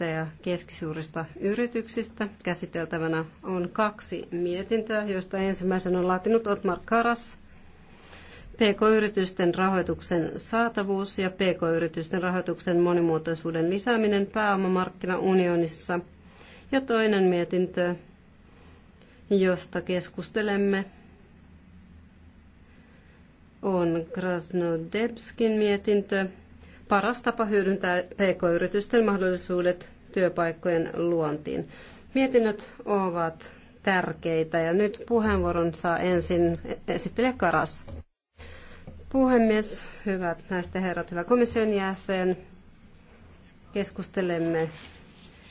ja keskisuurista yrityksistä. Käsiteltävänä on kaksi mietintöä, joista ensimmäisen on laatinut Otmar Karas. PK-yritysten rahoituksen saatavuus ja PK-yritysten rahoituksen monimuotoisuuden lisääminen pääomamarkkinaunionissa. Ja toinen mietintö, josta keskustelemme, on Krasnodebskin mietintö, paras tapa hyödyntää pk-yritysten mahdollisuudet työpaikkojen luontiin. Mietinnöt ovat tärkeitä ja nyt puheenvuoron saa ensin esittelijä Karas. Puhemies, hyvät näistä herrat, hyvä komission jäsen. Keskustelemme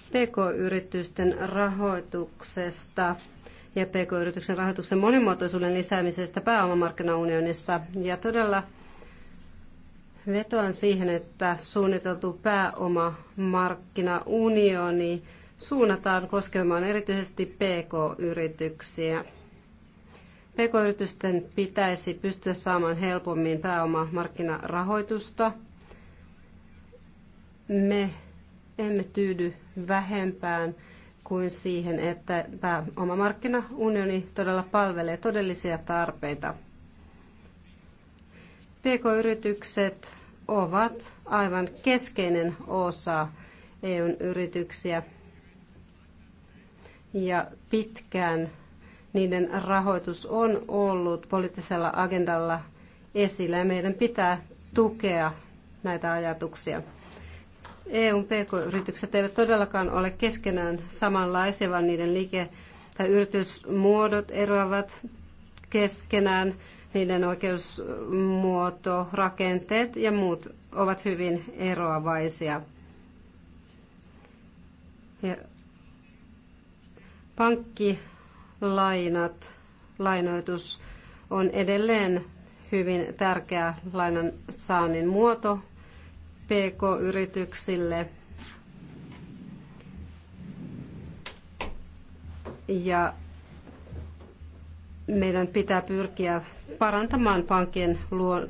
PK-yritysten rahoituksesta ja PK-yrityksen rahoituksen monimuotoisuuden lisäämisestä pääomamarkkinaunionissa. Ja todella Vetoan siihen, että suunniteltu pääomamarkkinaunioni suunnataan koskemaan erityisesti PK-yrityksiä. PK-yritysten pitäisi pystyä saamaan helpommin pääomamarkkinarahoitusta. Me emme tyydy vähempään kuin siihen, että pääomamarkkinaunioni todella palvelee todellisia tarpeita. PK-yritykset ovat aivan keskeinen osa EUn yrityksiä ja pitkään niiden rahoitus on ollut poliittisella agendalla esillä ja meidän pitää tukea näitä ajatuksia. EUn pk-yritykset eivät todellakaan ole keskenään samanlaisia, vaan niiden liike- tai yritysmuodot eroavat keskenään niiden oikeusmuoto, rakenteet ja muut ovat hyvin eroavaisia. Ja pankkilainat, lainoitus on edelleen hyvin tärkeä lainan saannin muoto PK-yrityksille. Ja meidän pitää pyrkiä parantamaan pankkien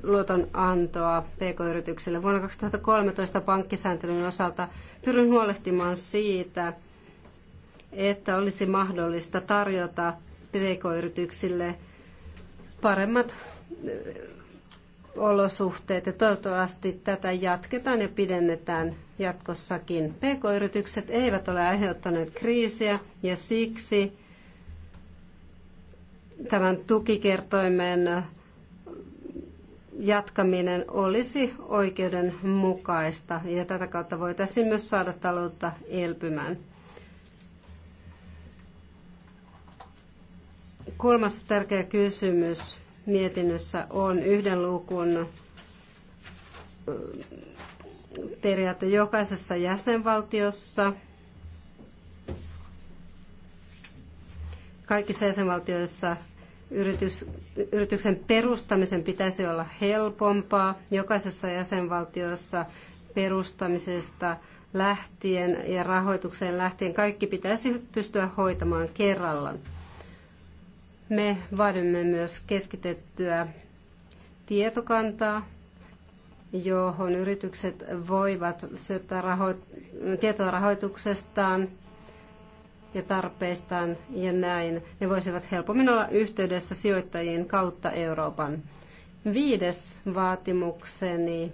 luotonantoa pk-yrityksille. Vuonna 2013 pankkisääntelyn osalta pyrin huolehtimaan siitä, että olisi mahdollista tarjota pk-yrityksille paremmat eh, olosuhteet ja toivottavasti tätä jatketaan ja pidennetään jatkossakin. PK-yritykset eivät ole aiheuttaneet kriisiä ja siksi tämän tukikertoimen jatkaminen olisi oikeudenmukaista ja tätä kautta voitaisiin myös saada taloutta elpymään. Kolmas tärkeä kysymys mietinnössä on yhden luukun periaate jokaisessa jäsenvaltiossa – Kaikissa jäsenvaltioissa yritys, yrityksen perustamisen pitäisi olla helpompaa. Jokaisessa jäsenvaltiossa perustamisesta lähtien ja rahoitukseen lähtien kaikki pitäisi pystyä hoitamaan kerrallaan. Me vaadimme myös keskitettyä tietokantaa, johon yritykset voivat syöttää raho- tietoa rahoituksestaan – ja tarpeistaan ja näin ne voisivat helpommin olla yhteydessä sijoittajien kautta Euroopan. Viides vaatimukseni,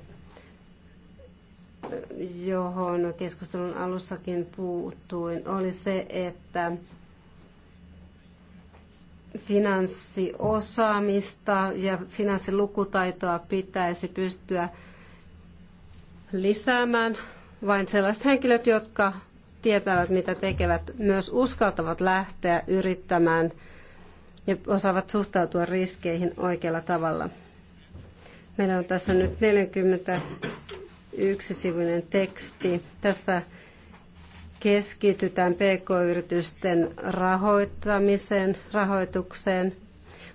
johon keskustelun alussakin puuttuin, oli se, että finanssiosaamista ja finanssilukutaitoa pitäisi pystyä lisäämään vain sellaiset henkilöt, jotka tietävät, mitä tekevät, myös uskaltavat lähteä yrittämään ja osaavat suhtautua riskeihin oikealla tavalla. Meillä on tässä nyt 41-sivuinen teksti. Tässä keskitytään pk-yritysten rahoittamiseen, rahoitukseen,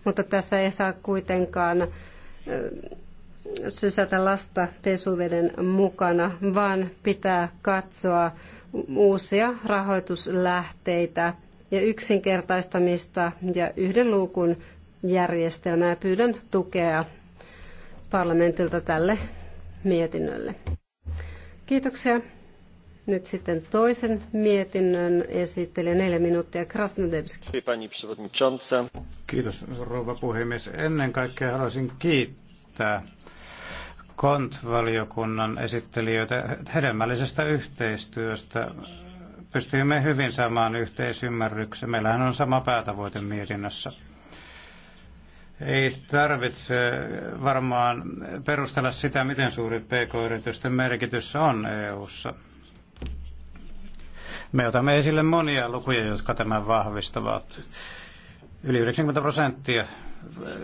mutta tässä ei saa kuitenkaan sysätä lasta pesuveden mukana, vaan pitää katsoa uusia rahoituslähteitä ja yksinkertaistamista ja yhden luukun järjestelmää. Pyydän tukea parlamentilta tälle mietinnölle. Kiitoksia. Nyt sitten toisen mietinnön esittelijä neljä minuuttia Krasnodevski. Kiitos rouva puhemies. Ennen kaikkea haluaisin kiittää KONT-valiokunnan esittelijöitä hedelmällisestä yhteistyöstä. Pystyimme hyvin saamaan yhteisymmärryksen. Meillähän on sama päätavoite mietinnössä. Ei tarvitse varmaan perustella sitä, miten suuri pk-yritysten merkitys on EU:ssa. Me otamme esille monia lukuja, jotka tämän vahvistavat. Yli 90 prosenttia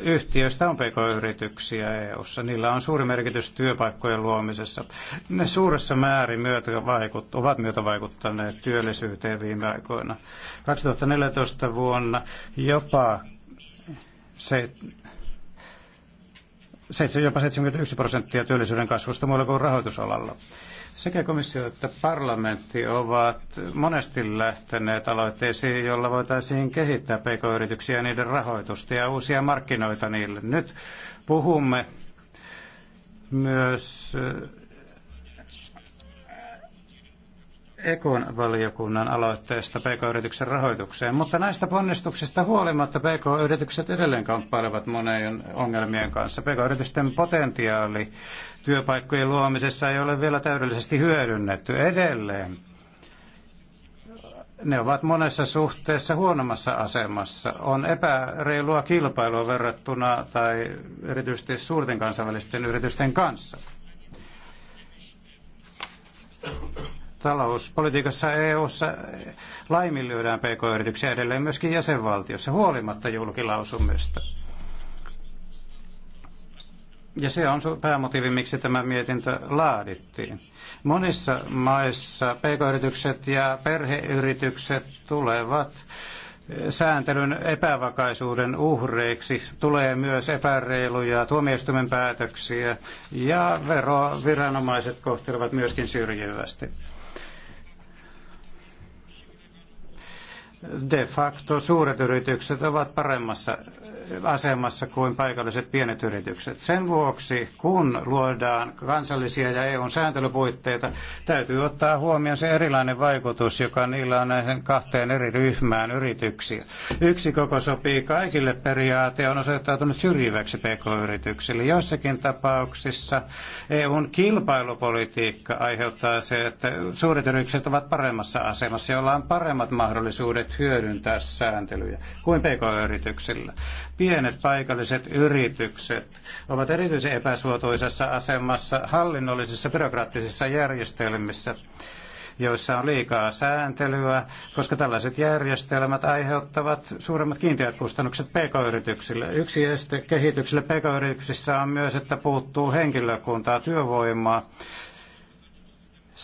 yhtiöistä on pk-yrityksiä EU-ssa. Niillä on suuri merkitys työpaikkojen luomisessa. Ne suuressa määrin myötävaikut, ovat myötävaikuttaneet työllisyyteen viime aikoina. 2014 vuonna jopa se, jopa 71 prosenttia työllisyyden kasvusta muualla kuin rahoitusalalla. Sekä komissio että parlamentti ovat monesti lähteneet aloitteisiin, jolla voitaisiin kehittää pk-yrityksiä ja niiden rahoitusta ja uusia markkinoita niille. Nyt puhumme myös Ekon valiokunnan aloitteesta PK-yrityksen rahoitukseen, mutta näistä ponnistuksista huolimatta PK-yritykset edelleen kamppailevat monien ongelmien kanssa. PK-yritysten potentiaali työpaikkojen luomisessa ei ole vielä täydellisesti hyödynnetty edelleen. Ne ovat monessa suhteessa huonommassa asemassa. On epäreilua kilpailua verrattuna tai erityisesti suurten kansainvälisten yritysten kanssa talouspolitiikassa EU-ssa eh, laiminlyödään pk-yrityksiä edelleen myöskin jäsenvaltiossa huolimatta julkilausumista. Ja se on päämotiivi, miksi tämä mietintö laadittiin. Monissa maissa pk-yritykset ja perheyritykset tulevat eh, sääntelyn epävakaisuuden uhreiksi. Tulee myös epäreiluja tuomioistuimen päätöksiä ja veroviranomaiset kohtelevat myöskin syrjivästi. de facto suuret yritykset ovat paremmassa asemassa kuin paikalliset pienet yritykset. Sen vuoksi, kun luodaan kansallisia ja EUn sääntelypuitteita, täytyy ottaa huomioon se erilainen vaikutus, joka niillä on näihin kahteen eri ryhmään yrityksiä. Yksi koko sopii kaikille periaate on osoittautunut syrjiväksi pk-yrityksille. Jossakin tapauksissa EUn kilpailupolitiikka aiheuttaa se, että suuret yritykset ovat paremmassa asemassa, joilla on paremmat mahdollisuudet hyödyntää sääntelyjä kuin pk-yrityksillä pienet paikalliset yritykset ovat erityisen epäsuotuisessa asemassa hallinnollisissa byrokraattisissa järjestelmissä joissa on liikaa sääntelyä, koska tällaiset järjestelmät aiheuttavat suuremmat kiinteät kustannukset pk-yrityksille. Yksi este kehitykselle pk-yrityksissä on myös, että puuttuu henkilökuntaa, työvoimaa,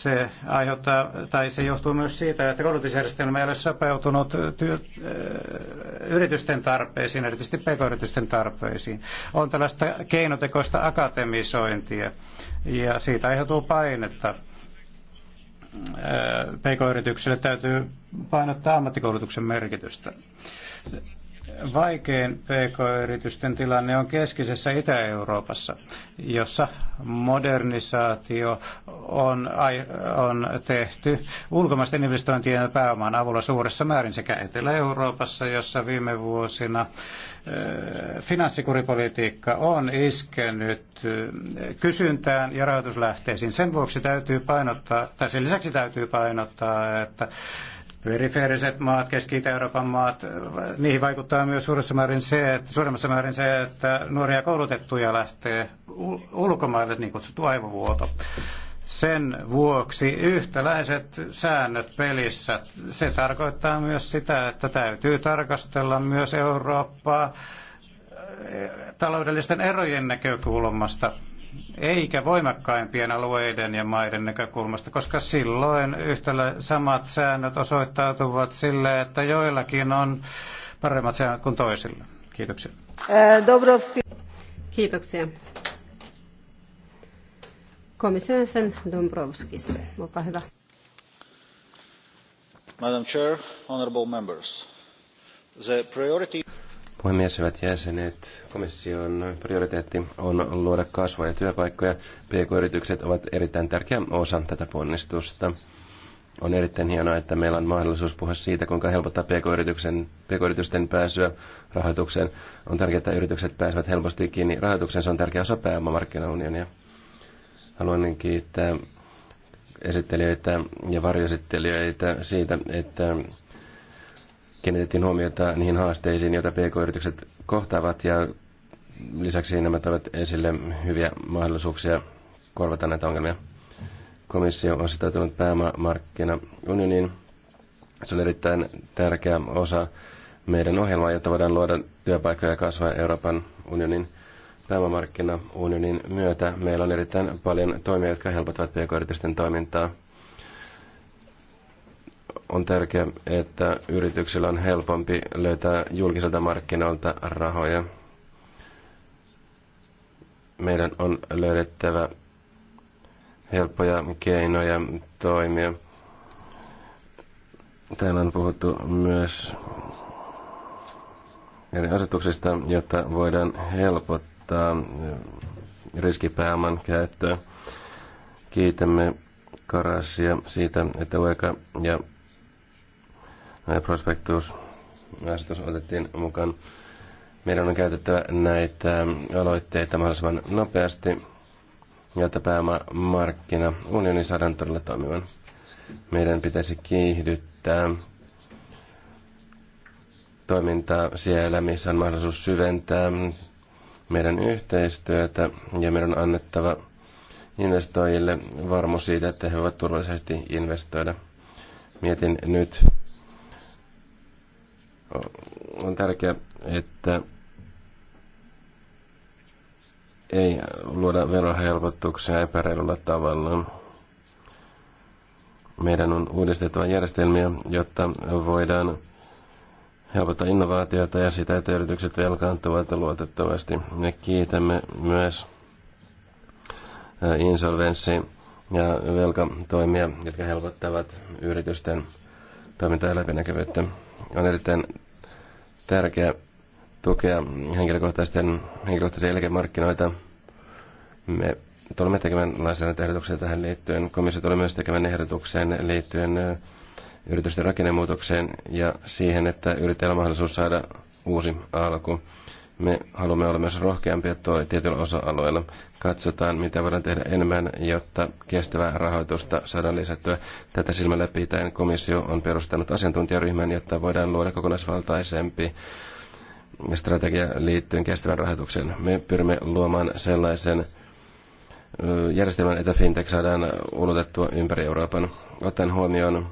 se aiheuttaa, tai se johtuu myös siitä, että koulutusjärjestelmä ei ole sopeutunut työ, äh, yritysten tarpeisiin, erityisesti pk-yritysten tarpeisiin. On tällaista keinotekoista akatemisointia, ja siitä aiheutuu painetta. Äh, PK-yrityksille täytyy painottaa ammattikoulutuksen merkitystä. Vaikein PK-yritysten tilanne on keskisessä Itä-Euroopassa, jossa modernisaatio on, on tehty ulkomaisten investointien ja pääoman avulla suuressa määrin sekä Etelä-Euroopassa, jossa viime vuosina finanssikuripolitiikka on iskenyt kysyntään ja rahoituslähteisiin. Sen vuoksi täytyy painottaa, tai sen lisäksi täytyy painottaa, että perifeeriset maat, Keski-Euroopan maat, niihin vaikuttaa myös suuressa määrin se, että, suuremmassa määrin se, että nuoria koulutettuja lähtee ulkomaille, niin kutsuttu aivovuoto. Sen vuoksi yhtäläiset säännöt pelissä, se tarkoittaa myös sitä, että täytyy tarkastella myös Eurooppaa eh, taloudellisten erojen näkökulmasta eikä voimakkaimpien alueiden ja maiden näkökulmasta, koska silloin yhtälö samat säännöt osoittautuvat sille, että joillakin on paremmat säännöt kuin toisilla. Kiitoksia. Dobrovski. Kiitoksia. Komission jäsen Dombrovskis, olkaa hyvä. Madam Chair, honorable members. The priority... Puhemies, hyvät jäsenet, komission prioriteetti on luoda kasvua ja työpaikkoja. PK-yritykset ovat erittäin tärkeä osa tätä ponnistusta. On erittäin hienoa, että meillä on mahdollisuus puhua siitä, kuinka helpottaa PK-yritysten, PK-yritysten pääsyä rahoitukseen. On tärkeää, että yritykset pääsevät helposti kiinni rahoitukseen. Se on tärkeä osa pääomamarkkinaunionia. Haluan kiittää esittelijöitä ja varjoesittelijöitä siitä, että kiinnitettiin huomiota niihin haasteisiin, joita pk-yritykset kohtaavat ja lisäksi nämä toivat esille hyviä mahdollisuuksia korvata näitä ongelmia. Komissio on sitoutunut unioniin. Se on erittäin tärkeä osa meidän ohjelmaa, jotta voidaan luoda työpaikkoja ja kasvaa Euroopan unionin unionin myötä. Meillä on erittäin paljon toimia, jotka helpottavat pk-yritysten toimintaa – on tärkeää, että yrityksillä on helpompi löytää julkiselta markkinoilta rahoja. Meidän on löydettävä helppoja keinoja toimia. Täällä on puhuttu myös eri asetuksista, jotta voidaan helpottaa riskipääoman käyttöä. Kiitämme Karasia siitä, että Ueka ja Asetus otettiin mukaan. Meidän on käytettävä näitä aloitteita mahdollisimman nopeasti, jotta pääomamarkkina unioni saadaan todella toimivan. Meidän pitäisi kiihdyttää toimintaa siellä, missä on mahdollisuus syventää meidän yhteistyötä ja meidän on annettava investoijille varmuus siitä, että he voivat turvallisesti investoida. Mietin nyt on tärkeää, että ei luoda verohelpotuksia epäreilulla tavalla. Meidän on uudistettava järjestelmiä, jotta voidaan helpottaa innovaatiota ja sitä, että yritykset velkaantuvat luotettavasti. Me kiitämme myös insolvenssi- ja velkatoimia, jotka helpottavat yritysten toimintaa ja läpinäkyvyyttä. On erittäin tärkeää tukea henkilökohtaisten, henkilökohtaisia eläkemarkkinoita. Me tulemme tekemään lainsäädäntöehdotuksia tähän liittyen. Komissio tulee myös tekemään ehdotuksen liittyen yritysten rakennemuutokseen ja siihen, että yrittäjällä on mahdollisuus saada uusi alku. Me haluamme olla myös rohkeampia tuo tietyillä osa-alueilla katsotaan, mitä voidaan tehdä enemmän, jotta kestävää rahoitusta saadaan lisättyä. Tätä silmällä pitäen komissio on perustanut asiantuntijaryhmän, jotta voidaan luoda kokonaisvaltaisempi strategia liittyen kestävän rahoitukseen. Me pyrimme luomaan sellaisen järjestelmän, että fintech saadaan ulotettua ympäri Euroopan. Ottaen huomioon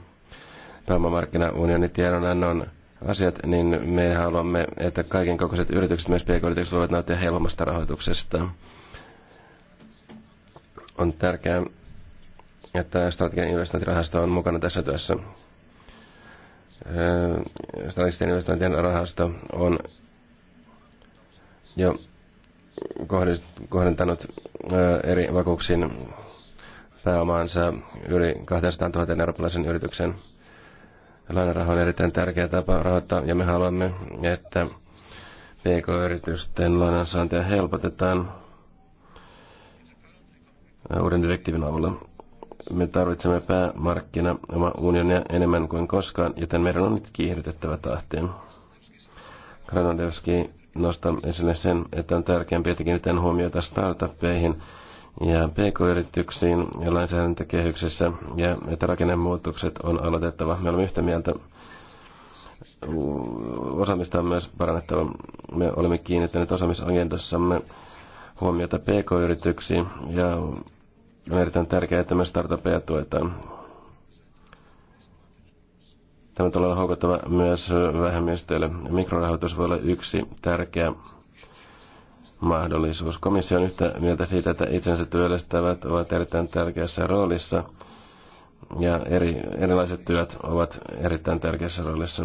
pääomamarkkinaunionin tiedonannon asiat, niin me haluamme, että kaiken kokoiset yritykset, myös pk-yritykset, voivat nauttia helpommasta rahoituksesta. On tärkeää, että strategian investointirahasto on mukana tässä työssä. Strategisten investointien rahasto on jo kohdentanut eri vakuuksiin pääomaansa yli 200 000 eurooppalaisen yrityksen lainaraha on erittäin tärkeä tapa rahoittaa, ja me haluamme, että PK-yritysten lainansaantia helpotetaan uuden direktiivin avulla. Me tarvitsemme päämarkkina oma unionia enemmän kuin koskaan, joten meidän on nyt kiihdytettävä tahtia. Granadevski nostaa esille sen, että on tärkeämpi kiinnittää huomiota startuppeihin ja pk-yrityksiin ja lainsäädäntökehyksessä ja että rakennemuutokset on aloitettava. Me olemme yhtä mieltä osaamista on myös parannettava. Me olemme kiinnittäneet osaamisagendassamme huomiota pk-yrityksiin ja on erittäin tärkeää, että me startupeja tuetaan. Tämä tulee olla houkuttava myös vähemmistöille. Mikrorahoitus voi olla yksi tärkeä mahdollisuus. Komissio on yhtä mieltä siitä, että itsensä työllistävät ovat erittäin tärkeässä roolissa ja eri, erilaiset työt ovat erittäin tärkeässä roolissa.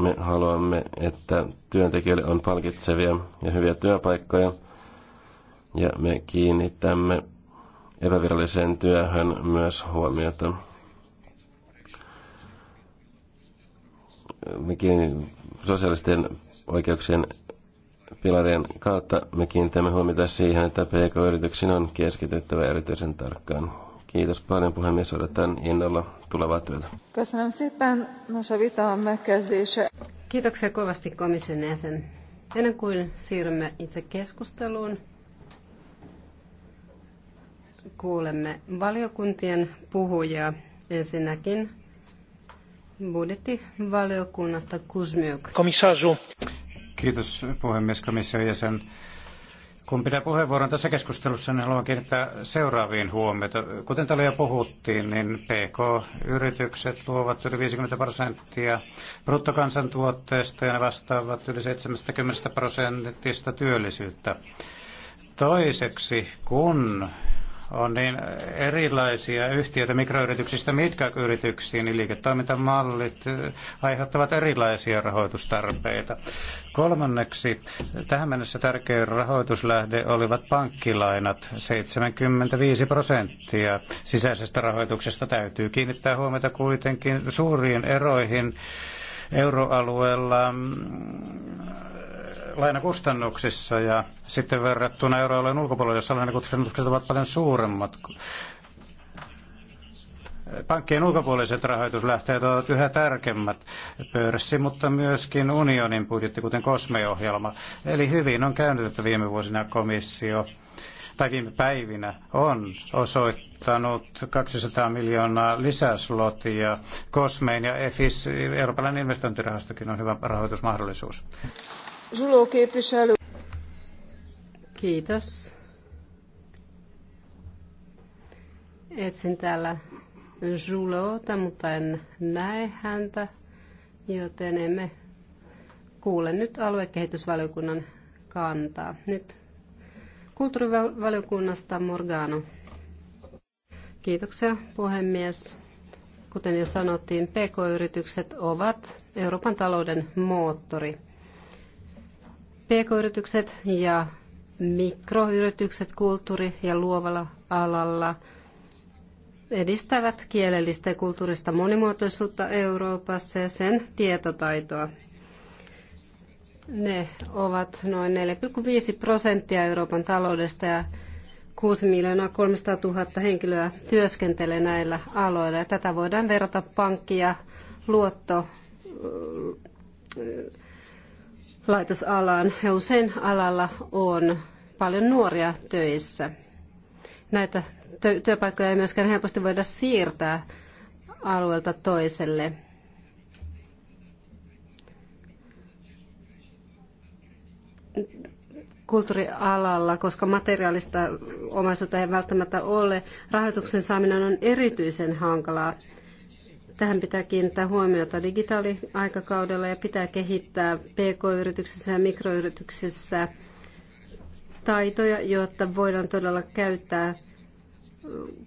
Me haluamme, että työntekijöille on palkitsevia ja hyviä työpaikkoja ja me kiinnitämme epäviralliseen työhön myös huomiota. Mekin sosiaalisten oikeuksien pilarien kautta me kiinnitämme huomiota siihen, että PK-yrityksiin on keskityttävä erityisen tarkkaan. Kiitos paljon puhemies, odotan innolla tulevaa työtä. Kiitoksia kovasti komission jäsen. Ennen kuin siirrymme itse keskusteluun, kuulemme valiokuntien puhujia. Ensinnäkin budjettivaliokunnasta Kuzmiuk. Komissaaju. Kiitos puhemies komission jäsen. Kun pidän puheenvuoron tässä keskustelussa, niin haluan kiinnittää seuraaviin huomiota. Kuten täällä jo puhuttiin, niin PK-yritykset luovat yli 50 prosenttia bruttokansantuotteesta ja ne vastaavat yli 70 prosentista työllisyyttä. Toiseksi, kun on niin erilaisia yhtiöitä mikroyrityksistä mitkä-yrityksiin, niin liiketoimintamallit eh, aiheuttavat erilaisia rahoitustarpeita. Kolmanneksi tähän mennessä tärkein rahoituslähde olivat pankkilainat. 75 prosenttia sisäisestä rahoituksesta täytyy kiinnittää huomiota kuitenkin suuriin eroihin euroalueella mm, lainakustannuksissa ja sitten verrattuna euroalueen ulkopuolelle, jossa lainakustannukset ovat paljon suuremmat. Pankkien ulkopuoliset rahoituslähteet ovat yhä tärkeimmät pörssi, mutta myöskin unionin budjetti, kuten kosmeohjelma. Eli hyvin on käynyt, että viime vuosina komissio tai viime päivinä on osoittanut 200 miljoonaa lisäslotia Kosmein ja EFIS, Euroopan investointirahastokin on hyvä rahoitusmahdollisuus. Kiitos. Etsin täällä Julota, mutta en näe häntä, joten emme kuule nyt aluekehitysvaliokunnan kantaa. Nyt Kulttuurivaliokunnasta Morgano. Kiitoksia puhemies. Kuten jo sanottiin, PK-yritykset ovat Euroopan talouden moottori. PK-yritykset ja mikroyritykset kulttuuri- ja luovalla alalla edistävät kielellistä ja kulttuurista monimuotoisuutta Euroopassa ja sen tietotaitoa. Ne ovat noin 4,5 prosenttia Euroopan taloudesta ja 6 miljoonaa 300 000 henkilöä työskentelee näillä aloilla. Ja tätä voidaan verrata pankki- ja luotto laitosalaan ja usein alalla on paljon nuoria töissä. Näitä työpaikkoja ei myöskään helposti voida siirtää alueelta toiselle. kulttuurialalla, koska materiaalista omaisuutta ei välttämättä ole, rahoituksen saaminen on erityisen hankalaa. Tähän pitää kiinnittää huomiota digitaaliaikakaudella ja pitää kehittää pk-yrityksissä ja mikroyrityksissä taitoja, jotta voidaan todella käyttää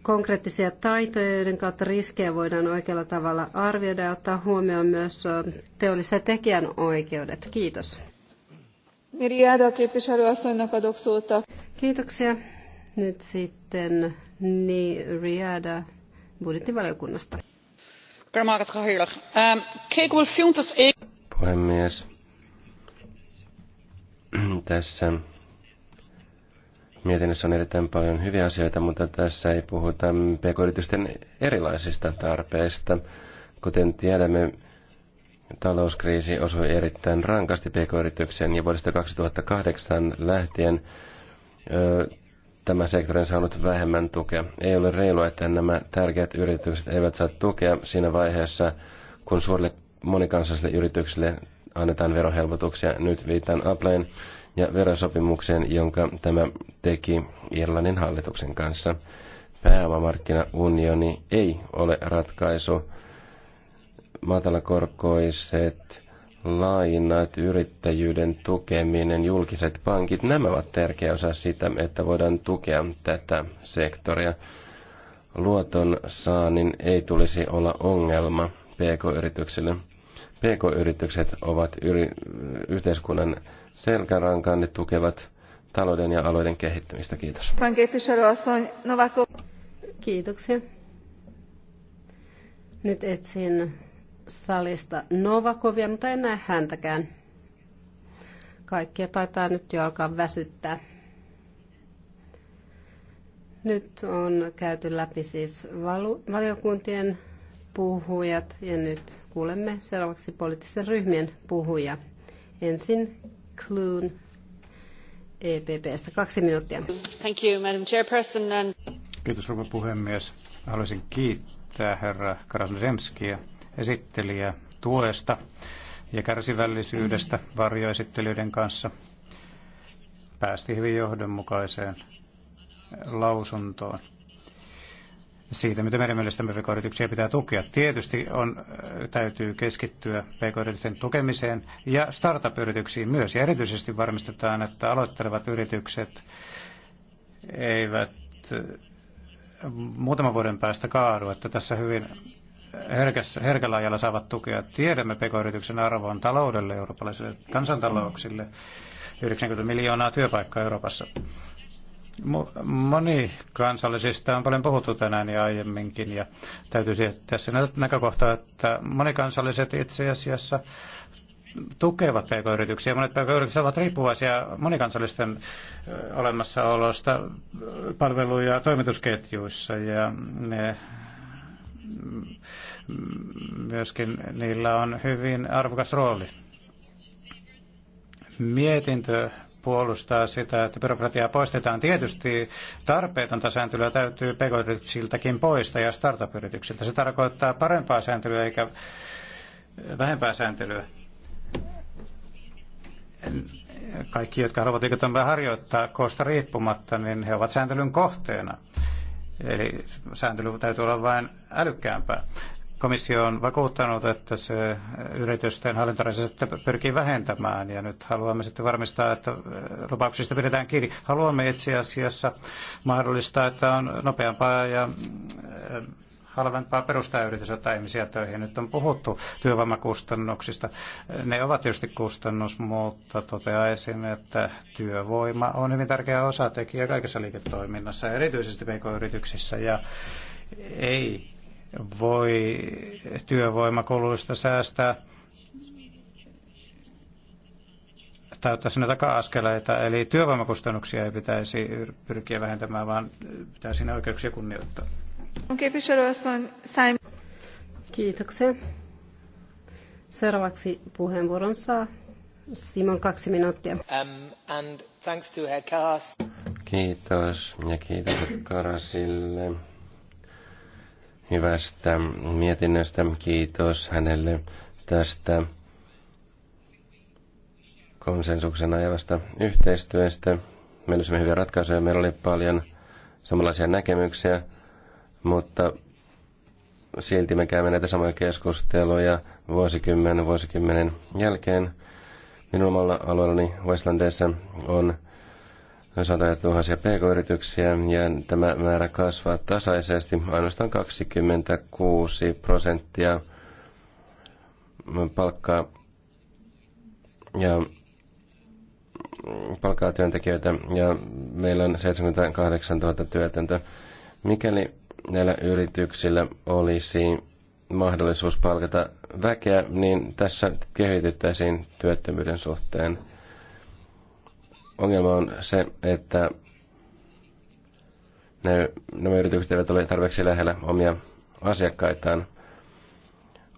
konkreettisia taitoja, joiden kautta riskejä voidaan oikealla tavalla arvioida ja ottaa huomioon myös teolliset tekijänoikeudet. Kiitos. Miriada képviselőasszonynak adok szót. Kiitoksia. Nyt sitten niin Riada budjettivaliokunnasta. Puhemies, tässä mietinnössä on erittäin paljon hyviä asioita, mutta tässä ei puhuta pk-yritysten erilaisista tarpeista. Kuten tiedämme, talouskriisi osui erittäin rankasti pk-yritykseen ja vuodesta 2008 lähtien ö, tämä sektori on saanut vähemmän tukea. Ei ole reilua, että nämä tärkeät yritykset eivät saa tukea siinä vaiheessa, kun suurille monikansallisille yrityksille annetaan verohelpotuksia. Nyt viitan Appleen ja verosopimukseen, jonka tämä teki Irlannin hallituksen kanssa. Pääomamarkkinaunioni ei ole ratkaisu matalakorkoiset lainat, yrittäjyyden tukeminen, julkiset pankit, nämä ovat tärkeä osa sitä, että voidaan tukea tätä sektoria. Luoton saannin ei tulisi olla ongelma pk-yrityksille. PK-yritykset ovat yri- yhteiskunnan selkärankaan, ne tukevat talouden ja alueiden kehittämistä. Kiitos. Kiitoksia. Nyt etsin salista Novakovia, mutta en näe häntäkään. Kaikkia taitaa nyt jo alkaa väsyttää. Nyt on käyty läpi siis valiokuntien puhujat ja nyt kuulemme seuraavaksi poliittisten ryhmien puhuja. Ensin Kluun EPPstä. Kaksi minuuttia. Thank you, Madam Chairperson. And... Kiitos, rouva puhemies. Haluaisin kiittää herra Krasnodemskia esittelijää tuesta ja kärsivällisyydestä varjoesittelyiden kanssa. Päästi hyvin johdonmukaiseen lausuntoon siitä, miten meidän mielestämme pk pitää tukea. Tietysti on, täytyy keskittyä pk tukemiseen ja startup-yrityksiin myös. Ja erityisesti varmistetaan, että aloittelevat yritykset eivät muutaman vuoden päästä kaadu, että tässä hyvin herkässä, herkällä ajalla saavat tukea. Tiedämme pk-yrityksen arvon taloudelle, eurooppalaisille kansantalouksille, 90 miljoonaa työpaikkaa Euroopassa. Moni kansallisista on paljon puhuttu tänään ja aiemminkin, ja täytyy sijoittaa se näkökohta, että monikansalliset itse asiassa tukevat pk-yrityksiä. Monet pk-yritykset ovat riippuvaisia monikansallisten olemassaolosta palveluja toimitusketjuissa ja ne myöskin niillä on hyvin arvokas rooli. Mietintö puolustaa sitä, että byrokratiaa poistetaan. Tietysti tarpeetonta sääntelyä täytyy pk-yrityksiltäkin poistaa ja startup-yrityksiltä. Se tarkoittaa parempaa sääntelyä eikä vähempää sääntelyä. Kaikki, jotka haluavat liiketoimintaa harjoittaa koosta riippumatta, niin he ovat sääntelyn kohteena. Eli sääntely täytyy olla vain älykkäämpää. Komissio on vakuuttanut, että se yritysten hallintorasitetta pyrkii vähentämään ja nyt haluamme sitten varmistaa, että äh, lupauksista pidetään kiinni. Haluamme itse asiassa mahdollistaa, että on nopeampaa ja äh, halvempaa perustajayritys, yritys, jota ihmisiä töihin. Nyt on puhuttu työvoimakustannuksista. Ne ovat tietysti kustannus, mutta toteaisin, että työvoima on hyvin tärkeä osatekijä kaikessa liiketoiminnassa, erityisesti pk-yrityksissä. Ja ei voi työvoimakuluista säästää tai ottaa sinne taka-askeleita. Eli työvoimakustannuksia ei pitäisi pyrkiä vähentämään, vaan pitää siinä oikeuksia kunnioittaa. Kiitoksia. Seuraavaksi puheenvuoron saa Simon kaksi minuuttia. Um, Kiitos ja kiitos Karasille hyvästä mietinnöstä. Kiitos hänelle tästä konsensuksen ajavasta yhteistyöstä. Me löysimme hyviä ratkaisuja. Meillä oli paljon samanlaisia näkemyksiä mutta silti me käymme näitä samoja keskusteluja vuosikymmenen vuosikymmenen jälkeen. Minun omalla alueellani Westlandessa on satoja tuhansia pk-yrityksiä ja tämä määrä kasvaa tasaisesti ainoastaan 26 prosenttia palkkaa ja palkkaa työntekijöitä ja meillä on 78 000 työtöntä. Mikäli näillä yrityksillä olisi mahdollisuus palkata väkeä, niin tässä kehityttäisiin työttömyyden suhteen. Ongelma on se, että ne, nämä yritykset eivät ole tarpeeksi lähellä omia asiakkaitaan.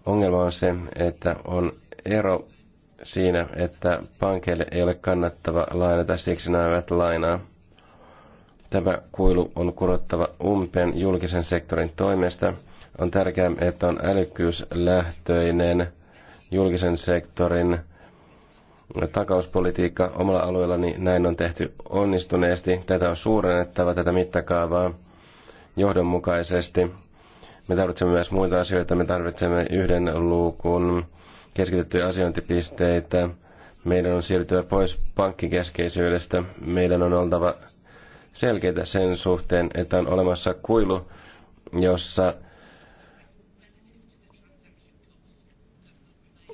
Ongelma on se, että on ero siinä, että pankeille ei ole kannattava lainata, siksi nämä eivät lainaa. Tämä kuilu on kurottava umpeen julkisen sektorin toimesta. On tärkeää, että on älykkyyslähtöinen julkisen sektorin takauspolitiikka omalla alueellani näin on tehty onnistuneesti. Tätä on suurennettava, tätä mittakaavaa johdonmukaisesti. Me tarvitsemme myös muita asioita. Me tarvitsemme yhden luukun keskitettyjä asiointipisteitä. Meidän on siirtyä pois pankkikeskeisyydestä. Meidän on oltava selkeitä sen suhteen, että on olemassa kuilu, jossa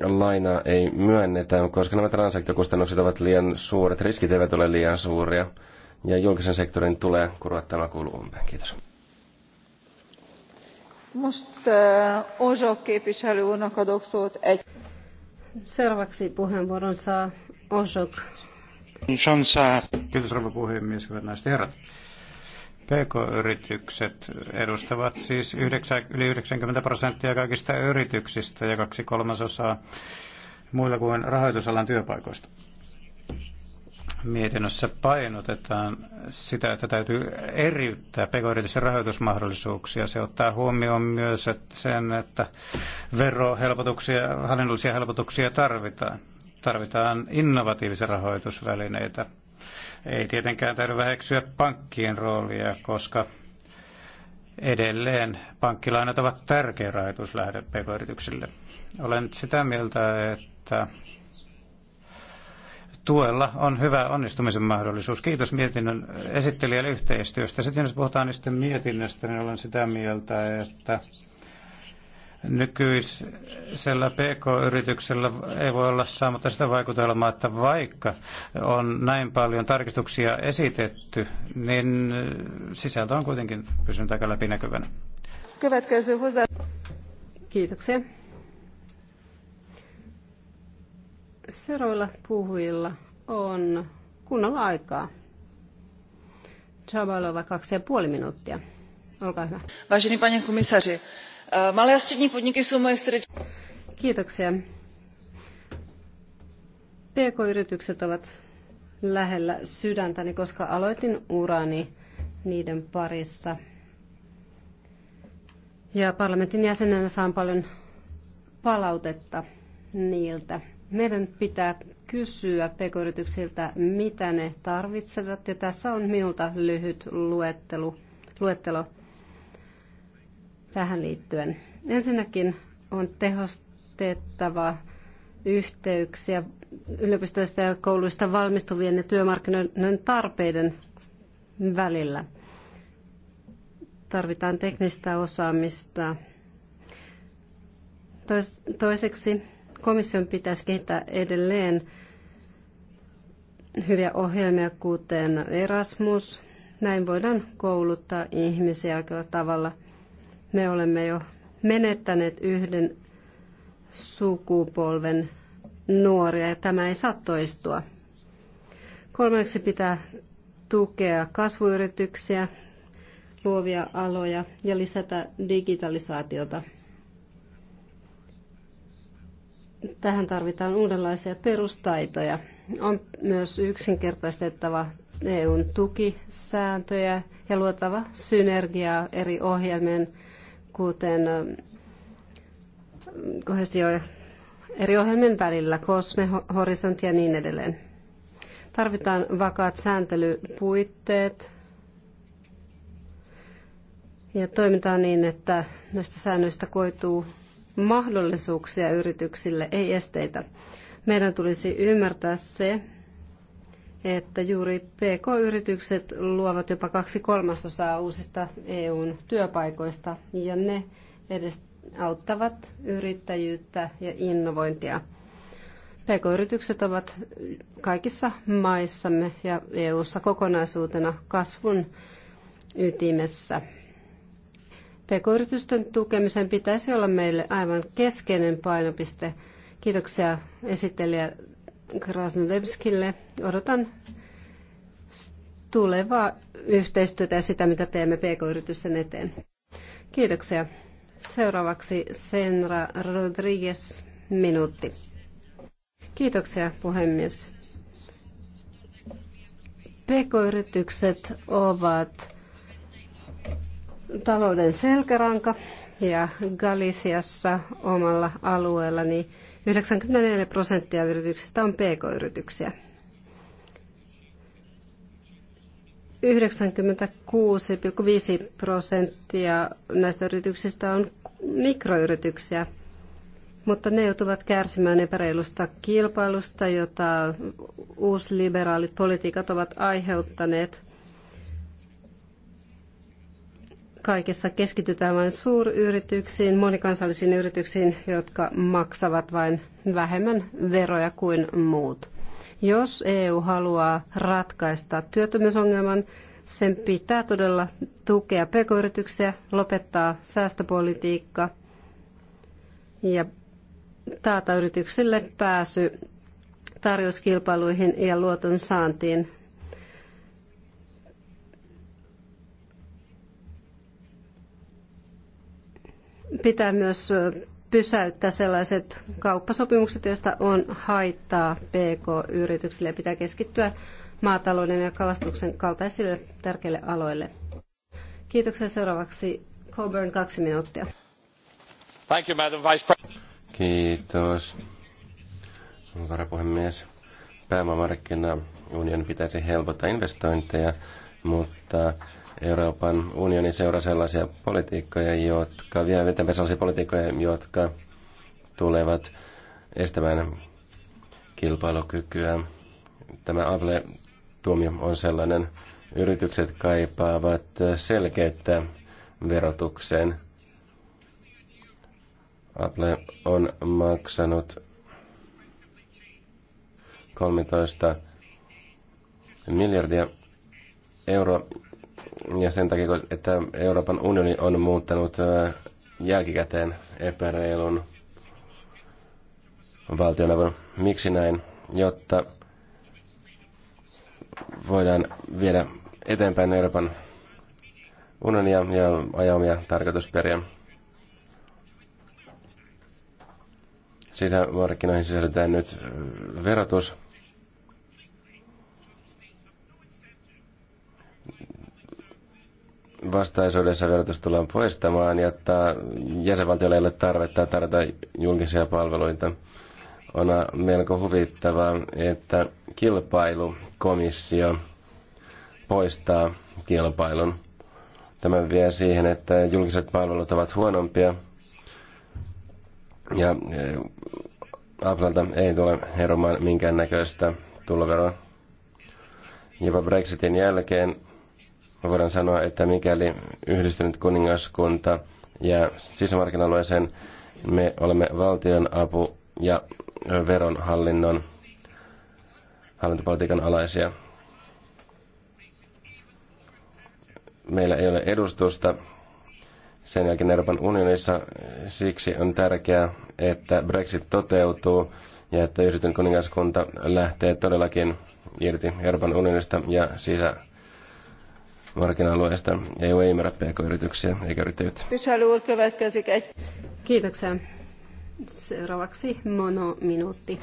lainaa ei myönnetä, koska nämä transaktiokustannukset ovat liian suuret, riskit eivät ole liian suuria, ja julkisen sektorin tulee kurua tämä kuilu umpeen. Kiitos. Seuraavaksi puheenvuoron saa Ozsok Kiitos rouva puhemies, hyvät naiset herrat. PK-yritykset edustavat siis 9, yli 90 prosenttia kaikista yrityksistä ja kaksi kolmasosaa muilla kuin rahoitusalan työpaikoista. Mietinnössä painotetaan sitä, että täytyy eriyttää pk-yritysten rahoitusmahdollisuuksia. Se ottaa huomioon myös sen, että verohelpotuksia, hallinnollisia helpotuksia tarvitaan. Tarvitaan innovatiivisia rahoitusvälineitä. Ei tietenkään tarvitse väheksyä pankkien roolia, koska edelleen pankkilainat ovat tärkeä rahoituslähde pk-yrityksille. Olen sitä mieltä, että tuella on hyvä onnistumisen mahdollisuus. Kiitos mietinnön esittelijälle yhteistyöstä. Sitten jos puhutaan niistä mietinnöstä, niin olen sitä mieltä, että nykyisellä PK-yrityksellä ei voi olla saamatta sitä vaikutelmaa, että vaikka on näin paljon tarkistuksia esitetty, niin sisältö on kuitenkin pysynyt aika läpinäkyvänä. Kiitoksia. Seuraavilla puhujilla on kunnolla aikaa. Chabalova kaksi ja puoli minuuttia. Olkaa hyvä. Vážený pane komisaři, Eh, malé a střední podniky jsou moje srdce. Kiitoksia. PK-yritykset ovat lähellä sydäntäni, koska aloitin urani niiden parissa. Ja parlamentin jäsenenä saan paljon palautetta niiltä. Meidän pitää kysyä pk-yrityksiltä, mitä ne tarvitsevat, ja tässä on minulta lyhyt luettelo tähän liittyen. Ensinnäkin on tehostettava yhteyksiä yliopistoista ja kouluista valmistuvien ja työmarkkinoiden tarpeiden välillä. Tarvitaan teknistä osaamista. Toiseksi komission pitäisi kehittää edelleen hyviä ohjelmia, kuten Erasmus. Näin voidaan kouluttaa ihmisiä oikealla tavalla – me olemme jo menettäneet yhden sukupolven nuoria ja tämä ei saa toistua. Kolmanneksi pitää tukea kasvuyrityksiä, luovia aloja ja lisätä digitalisaatiota. Tähän tarvitaan uudenlaisia perustaitoja. On myös yksinkertaistettava EUn tukisääntöjä ja luotava synergiaa eri ohjelmien kuten kohesio eri ohjelmien välillä, kosme, horisontti ja niin edelleen. Tarvitaan vakaat sääntelypuitteet ja toimitaan niin, että näistä säännöistä koituu mahdollisuuksia yrityksille, ei esteitä. Meidän tulisi ymmärtää se, että juuri PK-yritykset luovat jopa kaksi kolmasosaa uusista EUn työpaikoista ja ne edes auttavat yrittäjyyttä ja innovointia. PK-yritykset ovat kaikissa maissamme ja EU:ssa kokonaisuutena kasvun ytimessä. PK-yritysten tukemisen pitäisi olla meille aivan keskeinen painopiste. Kiitoksia esittelijä Krasnodebskille. Odotan tulevaa yhteistyötä ja sitä, mitä teemme pk-yritysten eteen. Kiitoksia. Seuraavaksi Senra Rodriguez, minuutti. Kiitoksia, puhemies. PK-yritykset ovat talouden selkäranka ja Galisiassa omalla alueellani 94 prosenttia yrityksistä on pk-yrityksiä. 96,5 prosenttia näistä yrityksistä on mikroyrityksiä, mutta ne joutuvat kärsimään epäreilusta kilpailusta, jota uusliberaalit politiikat ovat aiheuttaneet. kaikessa keskitytään vain suuryrityksiin, monikansallisiin yrityksiin, jotka maksavat vain vähemmän veroja kuin muut. Jos EU haluaa ratkaista työttömyysongelman, sen pitää todella tukea pk-yrityksiä, lopettaa säästöpolitiikka ja taata yrityksille pääsy tarjouskilpailuihin ja luoton saantiin pitää myös pysäyttää sellaiset kauppasopimukset, joista on haittaa PK-yrityksille ja pitää keskittyä maatalouden ja kalastuksen kaltaisille tärkeille aloille. Kiitoksia seuraavaksi. Coburn, kaksi minuuttia. Thank you, Madam Vice President. Kiitos. Varapuhemies, pääomamarkkina union pitäisi helpottaa investointeja, mutta Euroopan unioni seuraa sellaisia politiikkoja, jotka vievät eteenpäin sellaisia politiikkoja, jotka tulevat estämään kilpailukykyä. Tämä Able-tuomio on sellainen. Yritykset kaipaavat selkeyttä verotukseen. Apple on maksanut 13 miljardia euroa ja sen takia, että Euroopan unioni on muuttanut jälkikäteen epäreilun valtionavun. Miksi näin? Jotta voidaan viedä eteenpäin Euroopan unionia ja ajamia tarkoitusperiä. Sisämarkkinoihin sisällytetään nyt verotus, vastaisuudessa verotus tullaan poistamaan, jotta jäsenvaltiolle ei ole tarvetta tarjota julkisia palveluita. On melko huvittavaa, että kilpailukomissio poistaa kilpailun. Tämä vie siihen, että julkiset palvelut ovat huonompia ja eh, Applelta ei tule heromaan minkäännäköistä tuloveroa. Jopa Brexitin jälkeen voidaan sanoa, että mikäli yhdistynyt kuningaskunta ja sisämarkkinalueeseen me olemme valtion apu ja veronhallinnon hallintopolitiikan alaisia. Meillä ei ole edustusta sen jälkeen Euroopan unionissa. Siksi on tärkeää, että Brexit toteutuu ja että yhdistynyt kuningaskunta lähtee todellakin irti Euroopan unionista ja sisä markkina-alueesta. EU ei ymmärrä pk-yrityksiä eikä yrittäjyyttä. Kiitoksia. Seuraavaksi mono minuutti.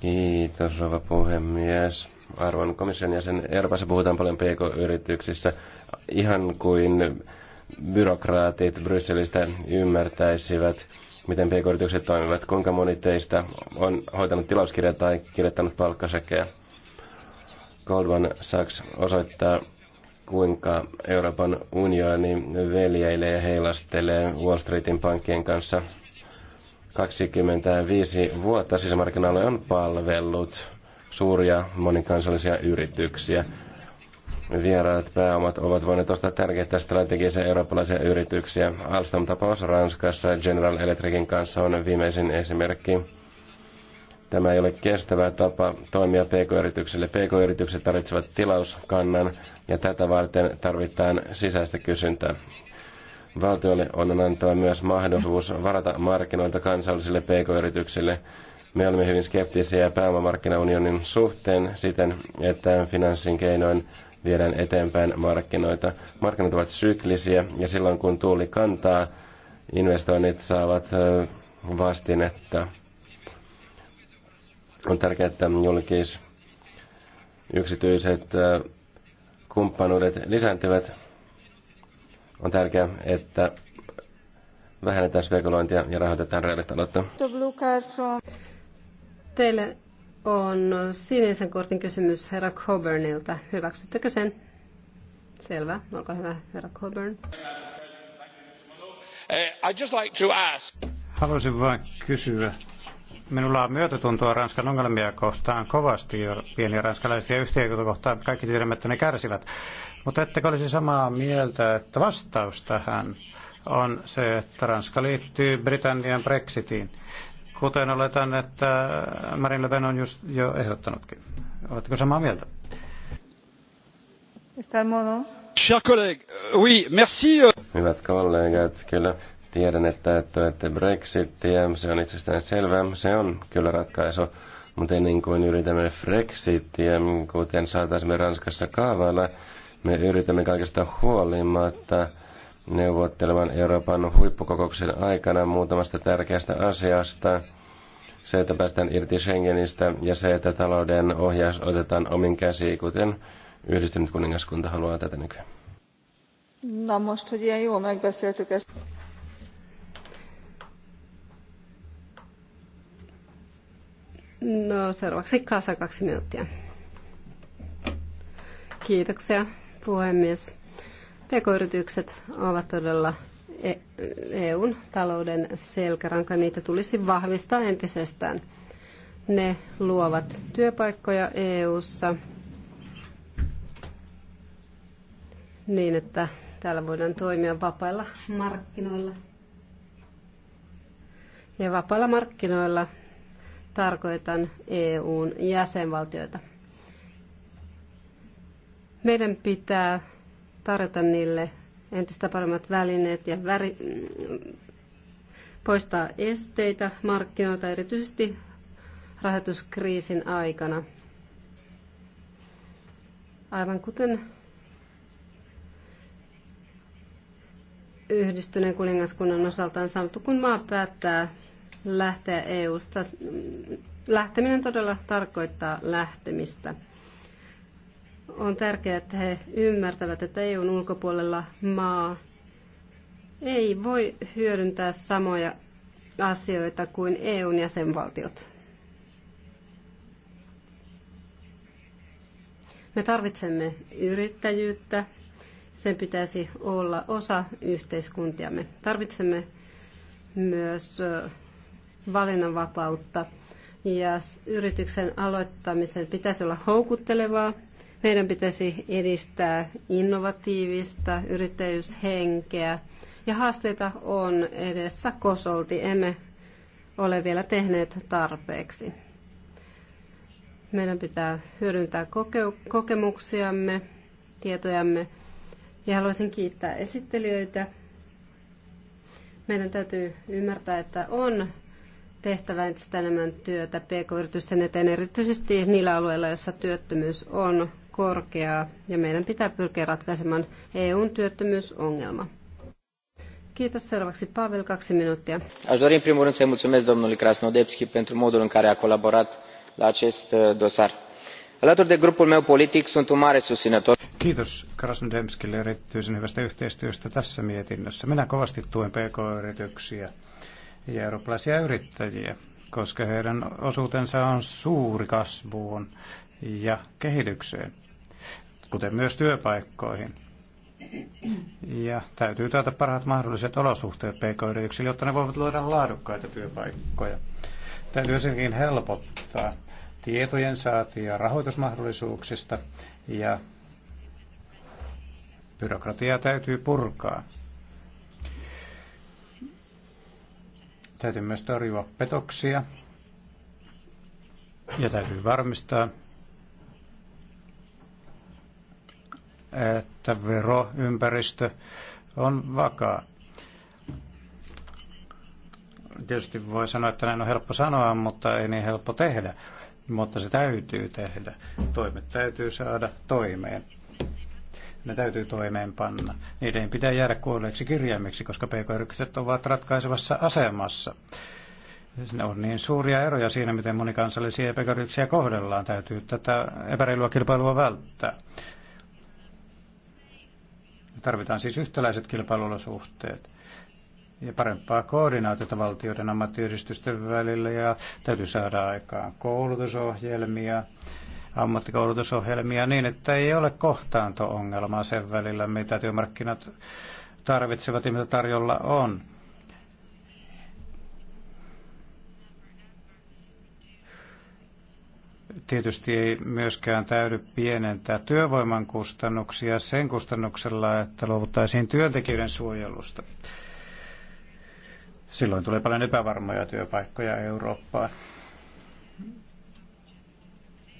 Kiitos, rouva puhemies. Arvon komission jäsen Euroopassa puhutaan paljon pk-yrityksissä. Ihan kuin byrokraatit Brysselistä ymmärtäisivät, miten pk-yritykset toimivat. Kuinka moni teistä on hoitanut tilauskirjaa tai kirjoittanut palkkasäkejä? Goldman Sachs osoittaa, kuinka Euroopan unioni veljeilee ja heilastelee Wall Streetin pankkien kanssa. 25 vuotta sisämarkkinoilla on palvellut suuria monikansallisia yrityksiä. Vieraat pääomat ovat voineet ostaa tärkeitä strategisia eurooppalaisia yrityksiä. Alstom-tapaus Ranskassa General Electricin kanssa on viimeisin esimerkki Tämä ei ole kestävä tapa toimia pk-yritykselle. Pk-yritykset tarvitsevat tilauskannan ja tätä varten tarvitaan sisäistä kysyntää. Valtiolle on antava myös mahdollisuus varata markkinoita kansallisille pk-yrityksille. Me olemme hyvin skeptisiä pääomamarkkinaunionin suhteen siten, että finanssin keinoin viedään eteenpäin markkinoita. Markkinat ovat syklisiä ja silloin kun tuuli kantaa, investoinnit saavat vastinetta on tärkeää, että julkis yksityiset kumppanuudet lisääntyvät. On tärkeää, että vähennetään spekulointia ja rahoitetaan reaalitaloutta. Teille on sinisen kortin kysymys herra Coburnilta. Hyväksyttekö sen? Selvä. Olkaa hyvä, herra Coburn. Eh, Haluaisin vain kysyä, Minulla on myötätuntoa Ranskan ongelmia kohtaan kovasti ja pieniä ranskalaisia yhtiöitä kohtaan. Kaikki tiedämme, että ne kärsivät. Mutta ettekö olisi samaa mieltä, että vastaus tähän on se, että Ranska liittyy Britannian Brexitiin, kuten oletan, että Marine Le Pen on just jo ehdottanutkin. Oletteko samaa mieltä? collègues, oui, merci. Euh. Hyvät kollegat, kyllä Tiedän, että että Brexit ja se on itsestään selvää, se on kyllä ratkaisu. Mutta ennen kuin yritämme Brexitia, kuten saataisimme Ranskassa kaavailla, me yritämme kaikesta huolimatta neuvottelevan Euroopan huippukokouksen aikana muutamasta tärkeästä asiasta. Se, että päästään irti Schengenistä ja se, että talouden ohjaus otetaan omin käsiin, kuten yhdistynyt kuningaskunta haluaa tätä nykyään. Na most, hogy No seuraavaksi Kasa kaksi minuuttia. Kiitoksia puhemies. Pekoyritykset ovat todella e- EUn talouden selkäranka. Niitä tulisi vahvistaa entisestään. Ne luovat työpaikkoja EUssa niin, että täällä voidaan toimia vapailla markkinoilla. Ja vapailla markkinoilla tarkoitan EUn jäsenvaltioita. Meidän pitää tarjota niille entistä paremmat välineet ja väri, poistaa esteitä markkinoilta, erityisesti rahoituskriisin aikana. Aivan kuten yhdistyneen kuningaskunnan osalta on sanottu, kun maa päättää lähteä EU-sta. Lähteminen todella tarkoittaa lähtemistä. On tärkeää, että he ymmärtävät, että EUn ulkopuolella maa ei voi hyödyntää samoja asioita kuin EUn jäsenvaltiot. Me tarvitsemme yrittäjyyttä, sen pitäisi olla osa yhteiskuntiamme. Tarvitsemme myös valinnanvapautta ja yrityksen aloittamisen pitäisi olla houkuttelevaa. Meidän pitäisi edistää innovatiivista yrittäjyyshenkeä ja haasteita on edessä kosolti. Emme ole vielä tehneet tarpeeksi. Meidän pitää hyödyntää koke- kokemuksiamme, tietojamme ja haluaisin kiittää esittelijöitä. Meidän täytyy ymmärtää, että on tehtävä entistä enemmän työtä pk-yritysten eteen, erityisesti niillä alueilla, joissa työttömyys on korkeaa, ja meidän pitää pyrkiä ratkaisemaan EUn työttömyysongelma. Kiitos. Seuraavaksi Pavel, kaksi minuuttia. Aș dori în primul rând să-i mulțumesc domnului Krasnodebski pentru modul în care a colaborat la acest uh, dosar. Alături de grupul meu politic sunt un mare susținător. Kiitos Krasnodemskille erityisen hyvästä yhteistyöstä tässä mietinnössä. Minä kovasti tuen PK-yrityksiä ja eurooppalaisia yrittäjiä, koska heidän osuutensa on suuri kasvuun ja kehitykseen, kuten myös työpaikkoihin. Ja täytyy taata parhaat mahdolliset olosuhteet pk-yrityksille, jotta ne voivat luoda laadukkaita työpaikkoja. Täytyy ensinnäkin helpottaa tietojen saatia rahoitusmahdollisuuksista ja byrokratiaa täytyy purkaa. Täytyy myös torjua petoksia ja täytyy varmistaa, että veroympäristö on vakaa. Tietysti voi sanoa, että näin on helppo sanoa, mutta ei niin helppo tehdä. Mutta se täytyy tehdä. Toimet täytyy saada toimeen ne täytyy toimeenpanna. Niiden pitää jäädä kuolleeksi kirjaimiksi, koska pk-yritykset ovat ratkaisevassa asemassa. Ne on niin suuria eroja siinä, miten monikansallisia pk-yrityksiä kohdellaan. Täytyy tätä epäreilua kilpailua välttää. Tarvitaan siis yhtäläiset kilpailuolosuhteet ja parempaa koordinaatiota valtioiden ammattiyhdistysten välillä ja täytyy saada aikaan koulutusohjelmia ammattikoulutusohjelmia niin, että ei ole kohtaanto-ongelmaa sen välillä, mitä työmarkkinat tarvitsevat ja mitä tarjolla on. Tietysti ei myöskään täydy pienentää työvoiman kustannuksia sen kustannuksella, että luovuttaisiin työntekijöiden suojelusta. Silloin tulee paljon epävarmoja työpaikkoja Eurooppaan.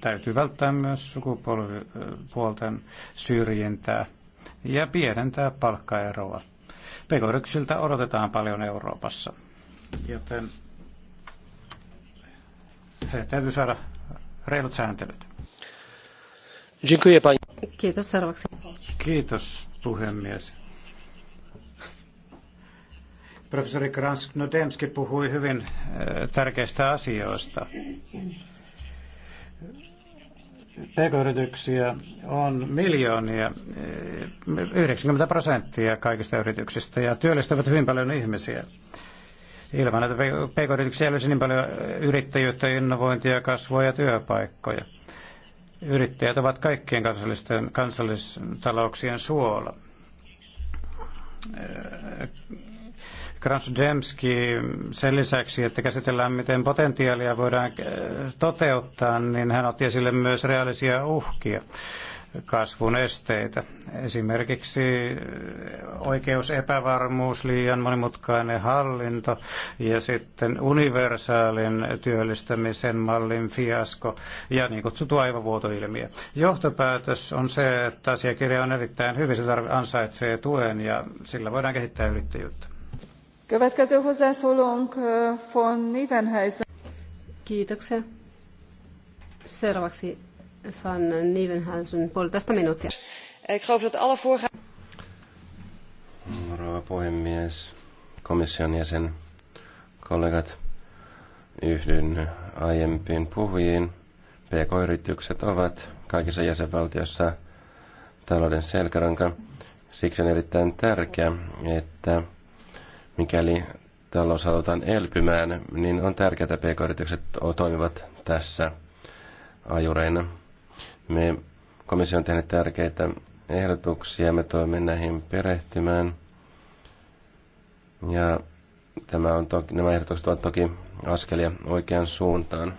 Täytyy välttää myös sukupuolten syrjintää ja pienentää palkkaeroa. Pekoryksiltä odotetaan paljon Euroopassa, joten he täytyy saada reilut sääntelyt. Kiitos seuraavaksi. Kiitos puhemies. Professori Kransk-Nodemski puhui hyvin eh, tärkeistä asioista. PK-yrityksiä on miljoonia, 90 eh, prosenttia kaikista yrityksistä ja työllistävät hyvin paljon ihmisiä. Ilman näitä PK-yrityksiä olisi niin paljon yrittäjyyttä, innovointia, kasvua ja työpaikkoja. Yrittäjät ovat kaikkien kansallisten kansallistalouksien suola eh, Krasnodemski sen lisäksi, että käsitellään miten potentiaalia voidaan eh, toteuttaa, niin hän otti esille myös reaalisia uhkia kasvun esteitä. Esimerkiksi eh, oikeusepävarmuus, liian monimutkainen hallinto ja sitten universaalin työllistämisen mallin fiasko ja niin kutsuttu aivovuotoilmiö. Johtopäätös on se, että asiakirja on erittäin hyvin, se ansaitsee tuen ja sillä voidaan kehittää yrittäjyyttä. Következő Kiitoksia. Seuraavaksi van Nivenheisen puolitoista minuuttia. Ik geloof dat alle Rouva puhemies, komission jäsen, kollegat, yhdyn aiempiin puhujiin. PK-yritykset ovat kaikissa jäsenvaltiossa talouden selkäranka. Siksi on erittäin tärkeää, että Mikäli talous halutaan elpymään, niin on tärkeää, että pk-yritykset toimivat tässä ajureina. Me komissio on tehnyt tärkeitä ehdotuksia, me toimme näihin perehtymään. Ja tämä on toki, nämä ehdotukset ovat toki askelia oikeaan suuntaan.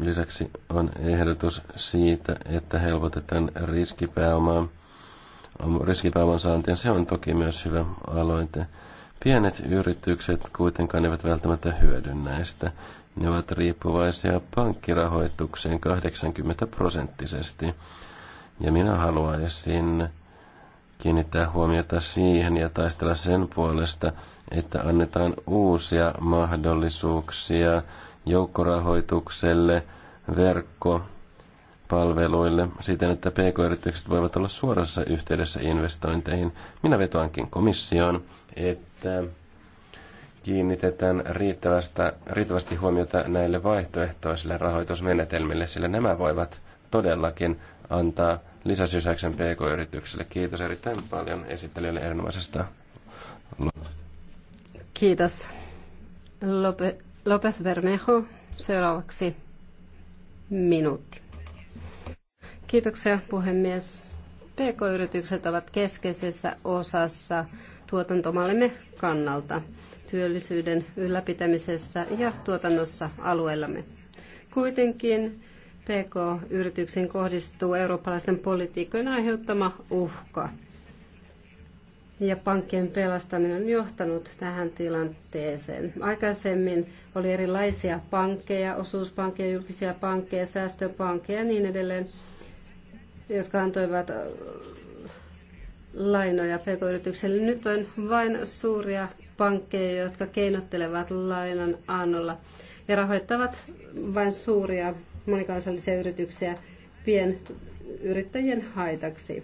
Lisäksi on ehdotus siitä, että helpotetaan riskipääomaa riskipääoman saantia. Se on toki myös hyvä aloite. Pienet yritykset kuitenkaan eivät välttämättä hyödy näistä. Ne ovat riippuvaisia pankkirahoitukseen 80 prosenttisesti. Ja minä haluaisin kiinnittää huomiota siihen ja taistella sen puolesta, että annetaan uusia mahdollisuuksia joukkorahoitukselle, verkko- palveluille siten, että pk-yritykset voivat olla suorassa yhteydessä investointeihin. Minä vetoankin komissioon, että kiinnitetään riittävästä, riittävästi huomiota näille vaihtoehtoisille rahoitusmenetelmille, sillä nämä voivat todellakin antaa lisäsysäyksen pk-yrityksille. Kiitos erittäin paljon esittelijöille erinomaisesta Kiitos. Lope, Lopez Bermejo, seuraavaksi minuutti. Kiitoksia puhemies. PK-yritykset ovat keskeisessä osassa tuotantomallemme kannalta, työllisyyden ylläpitämisessä ja tuotannossa alueellamme. Kuitenkin PK-yrityksiin kohdistuu eurooppalaisten politiikkojen aiheuttama uhka. Ja pankkien pelastaminen on johtanut tähän tilanteeseen. Aikaisemmin oli erilaisia pankkeja, osuuspankkeja, julkisia pankkeja, säästöpankkeja ja niin edelleen – jotka antoivat äh, lainoja pk-yritykselle. Nyt on vain suuria pankkeja, jotka keinottelevat lainan annolla ja rahoittavat vain suuria monikansallisia yrityksiä pienyrittäjien haitaksi.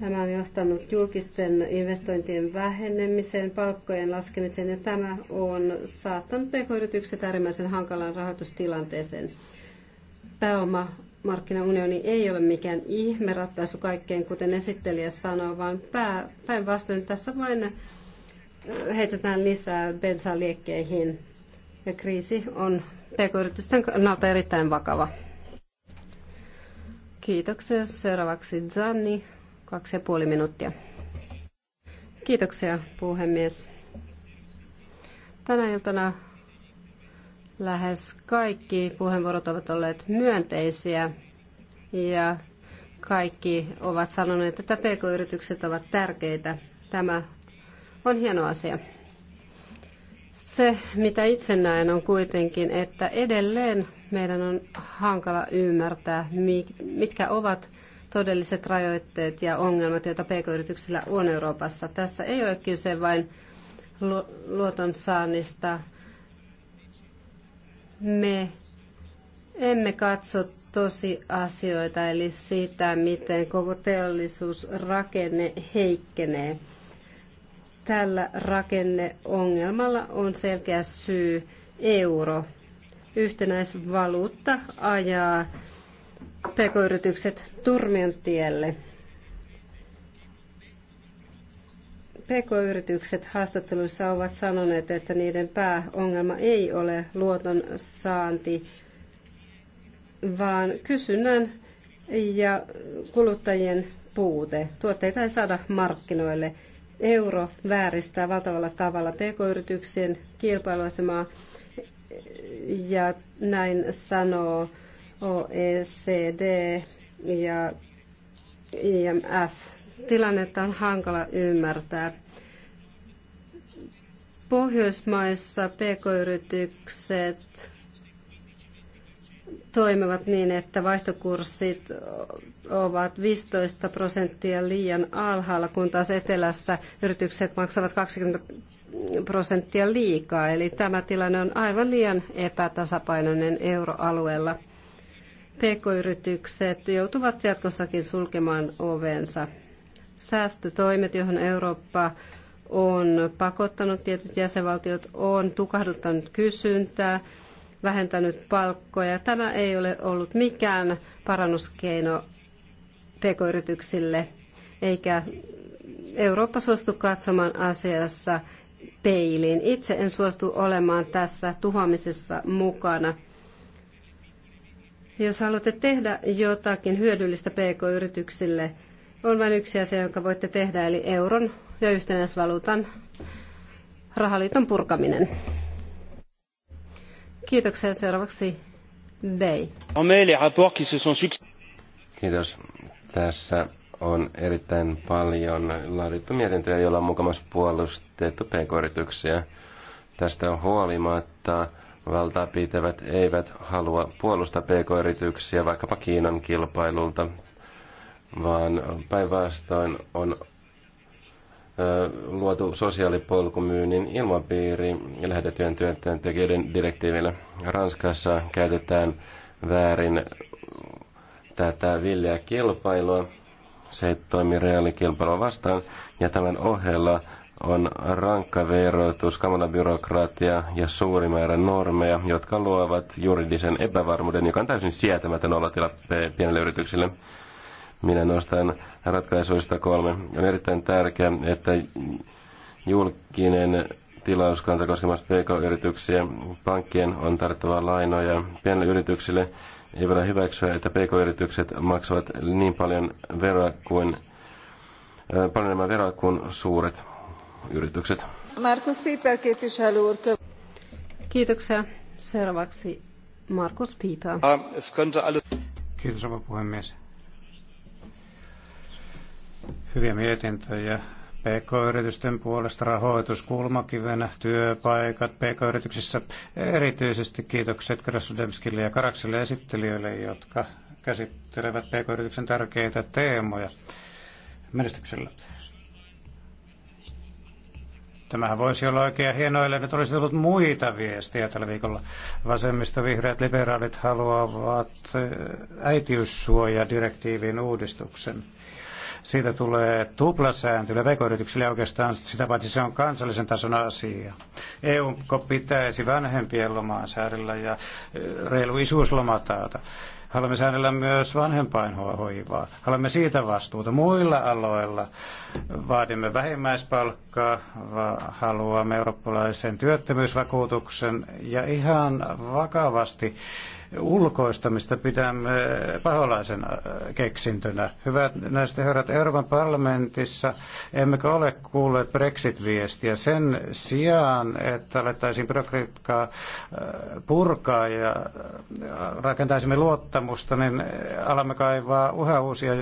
Tämä on johtanut julkisten investointien vähenemiseen, palkkojen laskemiseen ja tämä on saattanut pk-yritykset äärimmäisen hankalaan rahoitustilanteeseen. Pääoma Markkinaunioni ei ole mikään ihmeratkaisu kaikkeen, kuten esittelijä sanoi, vaan päinvastoin tässä vain heitetään lisää bensaa liekkeihin. Ja kriisi on pk-yritysten kannalta erittäin vakava. Kiitoksia. Seuraavaksi Zanni, kaksi ja puoli minuuttia. Kiitoksia, puhemies. Tänä iltana Lähes kaikki puheenvuorot ovat olleet myönteisiä ja kaikki ovat sanoneet, että pk-yritykset ovat tärkeitä. Tämä on hieno asia. Se, mitä itse näen, on kuitenkin, että edelleen meidän on hankala ymmärtää, mitkä ovat todelliset rajoitteet ja ongelmat, joita pk-yrityksillä on Euroopassa. Tässä ei ole kyse vain luotonsaannista me emme katso asioita eli sitä, miten koko teollisuusrakenne heikkenee. Tällä rakenneongelmalla on selkeä syy euro. Yhtenäisvaluutta ajaa pk-yritykset turmion tielle. PK-yritykset haastatteluissa ovat sanoneet, että niiden pääongelma ei ole luoton saanti, vaan kysynnän ja kuluttajien puute. Tuotteita ei saada markkinoille. Euro vääristää valtavalla tavalla PK-yrityksien kilpailuasemaa ja näin sanoo OECD ja IMF tilannetta on hankala ymmärtää. Pohjoismaissa pk-yritykset toimivat niin, että vaihtokurssit ovat 15 prosenttia liian alhaalla, kun taas etelässä yritykset maksavat 20 prosenttia liikaa. Eli tämä tilanne on aivan liian epätasapainoinen euroalueella. PK-yritykset joutuvat jatkossakin sulkemaan ovensa säästötoimet, johon Eurooppa on pakottanut tietyt jäsenvaltiot, on tukahduttanut kysyntää, vähentänyt palkkoja. Tämä ei ole ollut mikään parannuskeino pk-yrityksille, eikä Eurooppa suostu katsomaan asiassa peiliin. Itse en suostu olemaan tässä tuhoamisessa mukana. Jos haluatte tehdä jotakin hyödyllistä pk-yrityksille, on vain yksi asia, jonka voitte tehdä, eli euron ja yhtenäisvaluutan rahaliiton purkaminen. Kiitoksia. Seuraavaksi Bay. Kiitos. Tässä on erittäin paljon laadittu mietintöjä, joilla on mukamassa puolustettu pk-yrityksiä. Tästä huolimatta valtaa pitävät eivät halua puolustaa pk-yrityksiä vaikkapa Kiinan kilpailulta vaan päinvastoin on luotu sosiaalipolkumyynnin ilmapiiri lähetettyjen työntekijöiden direktiivillä. Ranskassa käytetään väärin tätä villiä kilpailua. Se ei toimi reaalikilpailua vastaan. Ja tämän ohella on rankka verotus, kamanabyrokratia ja suuri määrä normeja, jotka luovat juridisen epävarmuuden, joka on täysin sietämätön olotila pienelle yrityksille. Minä nostan ratkaisuista kolme. On erittäin tärkeää, että julkinen tilauskanta koskemassa pk-yrityksiä. Pankkien on tarjottava lainoja pienille yrityksille. Ei voida hyväksyä, että pk-yritykset maksavat niin paljon veroa kuin, paljon enemmän veroa kuin suuret yritykset. Markus Piper, Kiitoksia. Seuraavaksi Markus Piper. Ah, Kiitos, rouva puhemies Hyviä mietintöjä. PK-yritysten puolesta rahoitus kulmakivenä, työpaikat PK-yrityksissä. Erityisesti kiitokset Krasnodemskille ja Karakselle esittelijöille, jotka käsittelevät PK-yrityksen tärkeitä teemoja menestyksellä. Tämähän voisi olla oikein hienoa, ellei nyt olisi tullut muita viestiä tällä viikolla. Vasemmista vihreät liberaalit haluavat äh, äitiyssuojadirektiivin uudistuksen. Siitä tulee tuplasääntö, pk-yrityksille ja oikeastaan sitä paitsi se on kansallisen tason asia. EU pitäisi vanhempien lomaa säädellä ja reilu isuusloma taata. Haluamme säännellä myös vanhempainhoivaa. Haluamme siitä vastuuta. Muilla aloilla vaadimme vähimmäispalkkaa, haluamme eurooppalaisen työttömyysvakuutuksen ja ihan vakavasti ulkoistamista pidämme paholaisen äh, keksintönä. Hyvät näistä herrat, Euroopan parlamentissa emmekö ole kuulleet Brexit-viestiä sen sijaan, että alettaisiin byrokratiaa äh, purkaa ja äh, rakentaisimme luottaa luottamusta, niin alamme kaivaa yhä uusia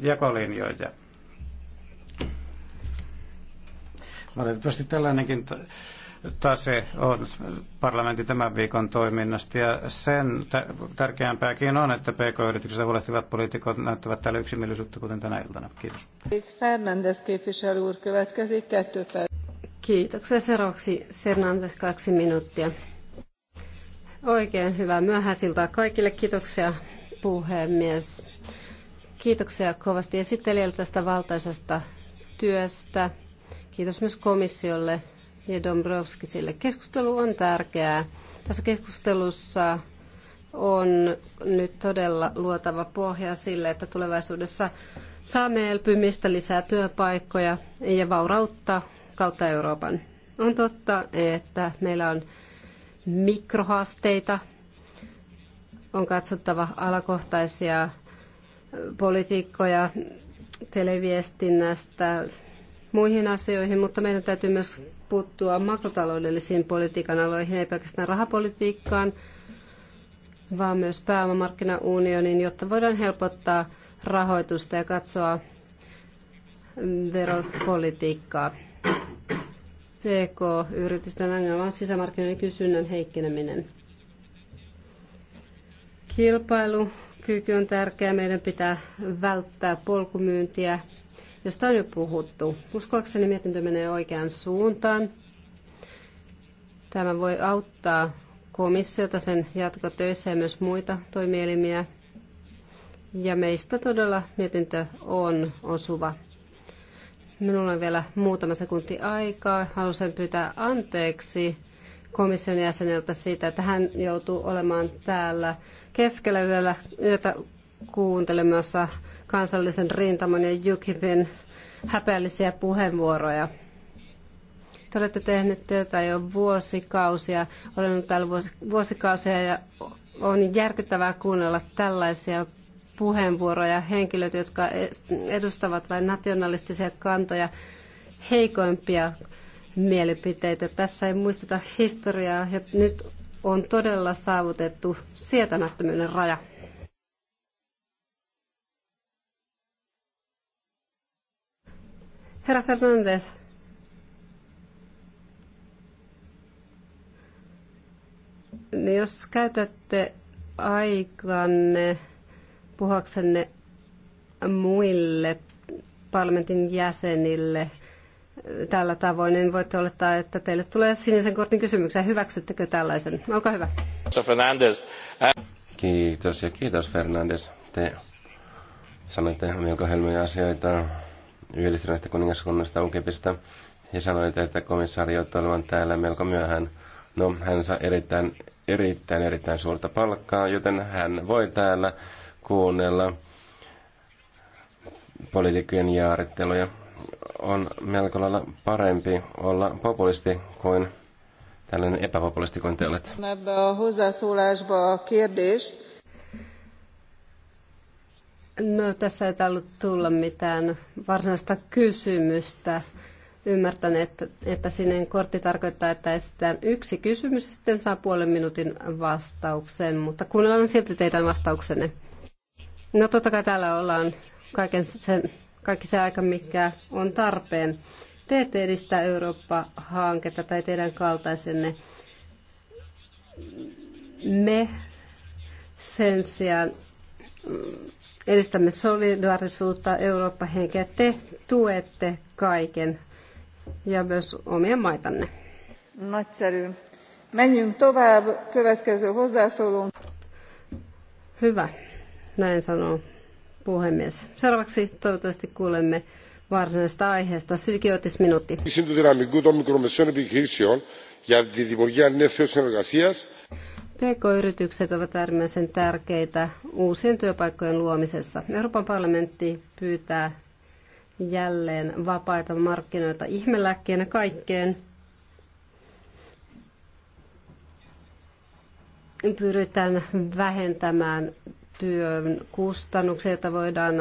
jakolinjoja. Valitettavasti tällainenkin tase on parlamentin tämän viikon toiminnasta ja sen tärkeämpääkin on, että PK-yritykset huolehtivat poliitikot näyttävät täällä yksimielisyyttä, kuten tänä iltana. Kiitos. Fernandes Kiitoksia. Seuraavaksi Fernandes kaksi minuuttia. Oikein hyvää myöhäisiltaa kaikille. Kiitoksia puhemies. Kiitoksia kovasti esittelijälle tästä valtaisesta työstä. Kiitos myös komissiolle ja Dombrovskisille. Keskustelu on tärkeää. Tässä keskustelussa on nyt todella luotava pohja sille, että tulevaisuudessa saamme elpymistä, lisää työpaikkoja ja vaurautta kautta Euroopan. On totta, että meillä on mikrohaasteita. On katsottava alakohtaisia politiikkoja televiestinnästä muihin asioihin, mutta meidän täytyy myös puuttua makrotaloudellisiin politiikan aloihin, ei pelkästään rahapolitiikkaan, vaan myös pääomamarkkinaunioniin, jotta voidaan helpottaa rahoitusta ja katsoa veropolitiikkaa. PK-yritysten ongelma on sisämarkkinoiden kysynnän heikkeneminen. Kilpailukyky on tärkeää. Meidän pitää välttää polkumyyntiä, josta on jo puhuttu. Uskoakseni mietintö menee oikeaan suuntaan. Tämä voi auttaa komissiota sen jatkotöissä ja myös muita toimielimiä. Ja meistä todella mietintö on osuva Minulla on vielä muutama sekunti aikaa. Haluaisin pyytää anteeksi komission jäseneltä siitä, että hän joutuu olemaan täällä keskellä yöllä, yötä kuuntelemassa kansallisen rintaman ja Jukipin häpeällisiä puheenvuoroja. Te olette tehneet työtä jo vuosikausia, olen ollut täällä vuosikausia ja on järkyttävää kuunnella tällaisia puheenvuoroja henkilöt, jotka edustavat vain nationalistisia kantoja, heikoimpia mielipiteitä. Tässä ei muisteta historiaa ja nyt on todella saavutettu sietämättömyyden raja. Herra Fernandez, jos käytätte aikanne puhuaksenne muille parlamentin jäsenille tällä tavoin, niin voitte olettaa, että teille tulee sinisen kortin kysymyksiä. Hyväksyttekö tällaisen? Olkaa hyvä. Eh. Kiitos ja kiitos Fernandes. Te sanoitte melko helmoja asioita yhdistyneestä kuningaskunnasta UKIPista ja sanoitte, että komissaari joutuu olemaan täällä melko myöhään. No, hän saa erittäin, erittäin, erittäin suurta palkkaa, joten hän voi täällä kuunnella poliitikkojen jaaritteluja. On melko lailla parempi olla populisti kuin tällainen epäpopulisti kuin te olette. No, tässä ei ollut tulla mitään varsinaista kysymystä. Ymmärtän, että, että sininen kortti tarkoittaa, että esitetään yksi kysymys ja sitten saa puolen minuutin vastauksen, mutta kuunnellaan silti teidän vastauksenne. No totta kai täällä ollaan kaiken sen, kaikki se aika, mikä on tarpeen. Teette edistää Eurooppa-hanketta tai teidän kaltaisenne. Me sen sijaan mm, edistämme solidaarisuutta, Eurooppa-henkeä. Te tuette kaiken ja myös omia maitanne. Nagyszerű. Menjünk tovább, következő hozzászólónk. Hyvä. Näin sanoo puhemies. Seuraavaksi toivottavasti kuulemme varsinaisesta aiheesta. Silkiotis minuutti. PK-yritykset ovat äärimmäisen tärkeitä uusien työpaikkojen luomisessa. Euroopan parlamentti pyytää jälleen vapaita markkinoita ihmelääkkeenä kaikkeen. Pyritään vähentämään työn kustannuksia, jotta voidaan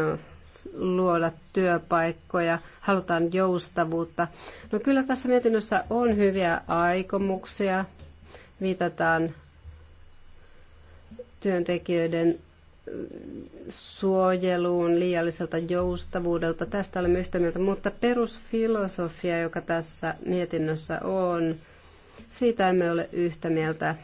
luoda työpaikkoja, halutaan joustavuutta. No kyllä tässä mietinnössä on hyviä aikomuksia. Viitataan työntekijöiden suojeluun, liialliselta joustavuudelta. Tästä olemme yhtä mieltä, mutta perusfilosofia, joka tässä mietinnössä on, siitä emme ole yhtä mieltä.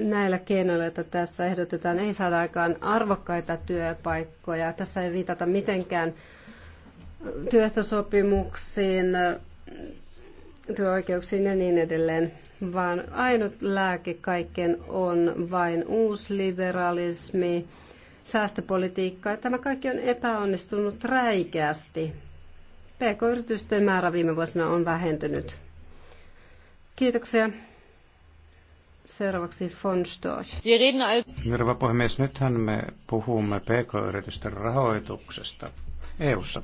näillä keinoilla, joita tässä ehdotetaan, ei saada aikaan arvokkaita työpaikkoja. Tässä ei viitata mitenkään työehtosopimuksiin, työoikeuksiin ja niin edelleen, vaan ainut lääke kaikkeen on vain uusliberalismi, säästöpolitiikka. Tämä kaikki on epäonnistunut räikeästi. PK-yritysten määrä viime vuosina on vähentynyt. Kiitoksia. Seuraavaksi von Storch. Rouva puhemies, nythän me puhumme pk-yritysten rahoituksesta EU-ssa.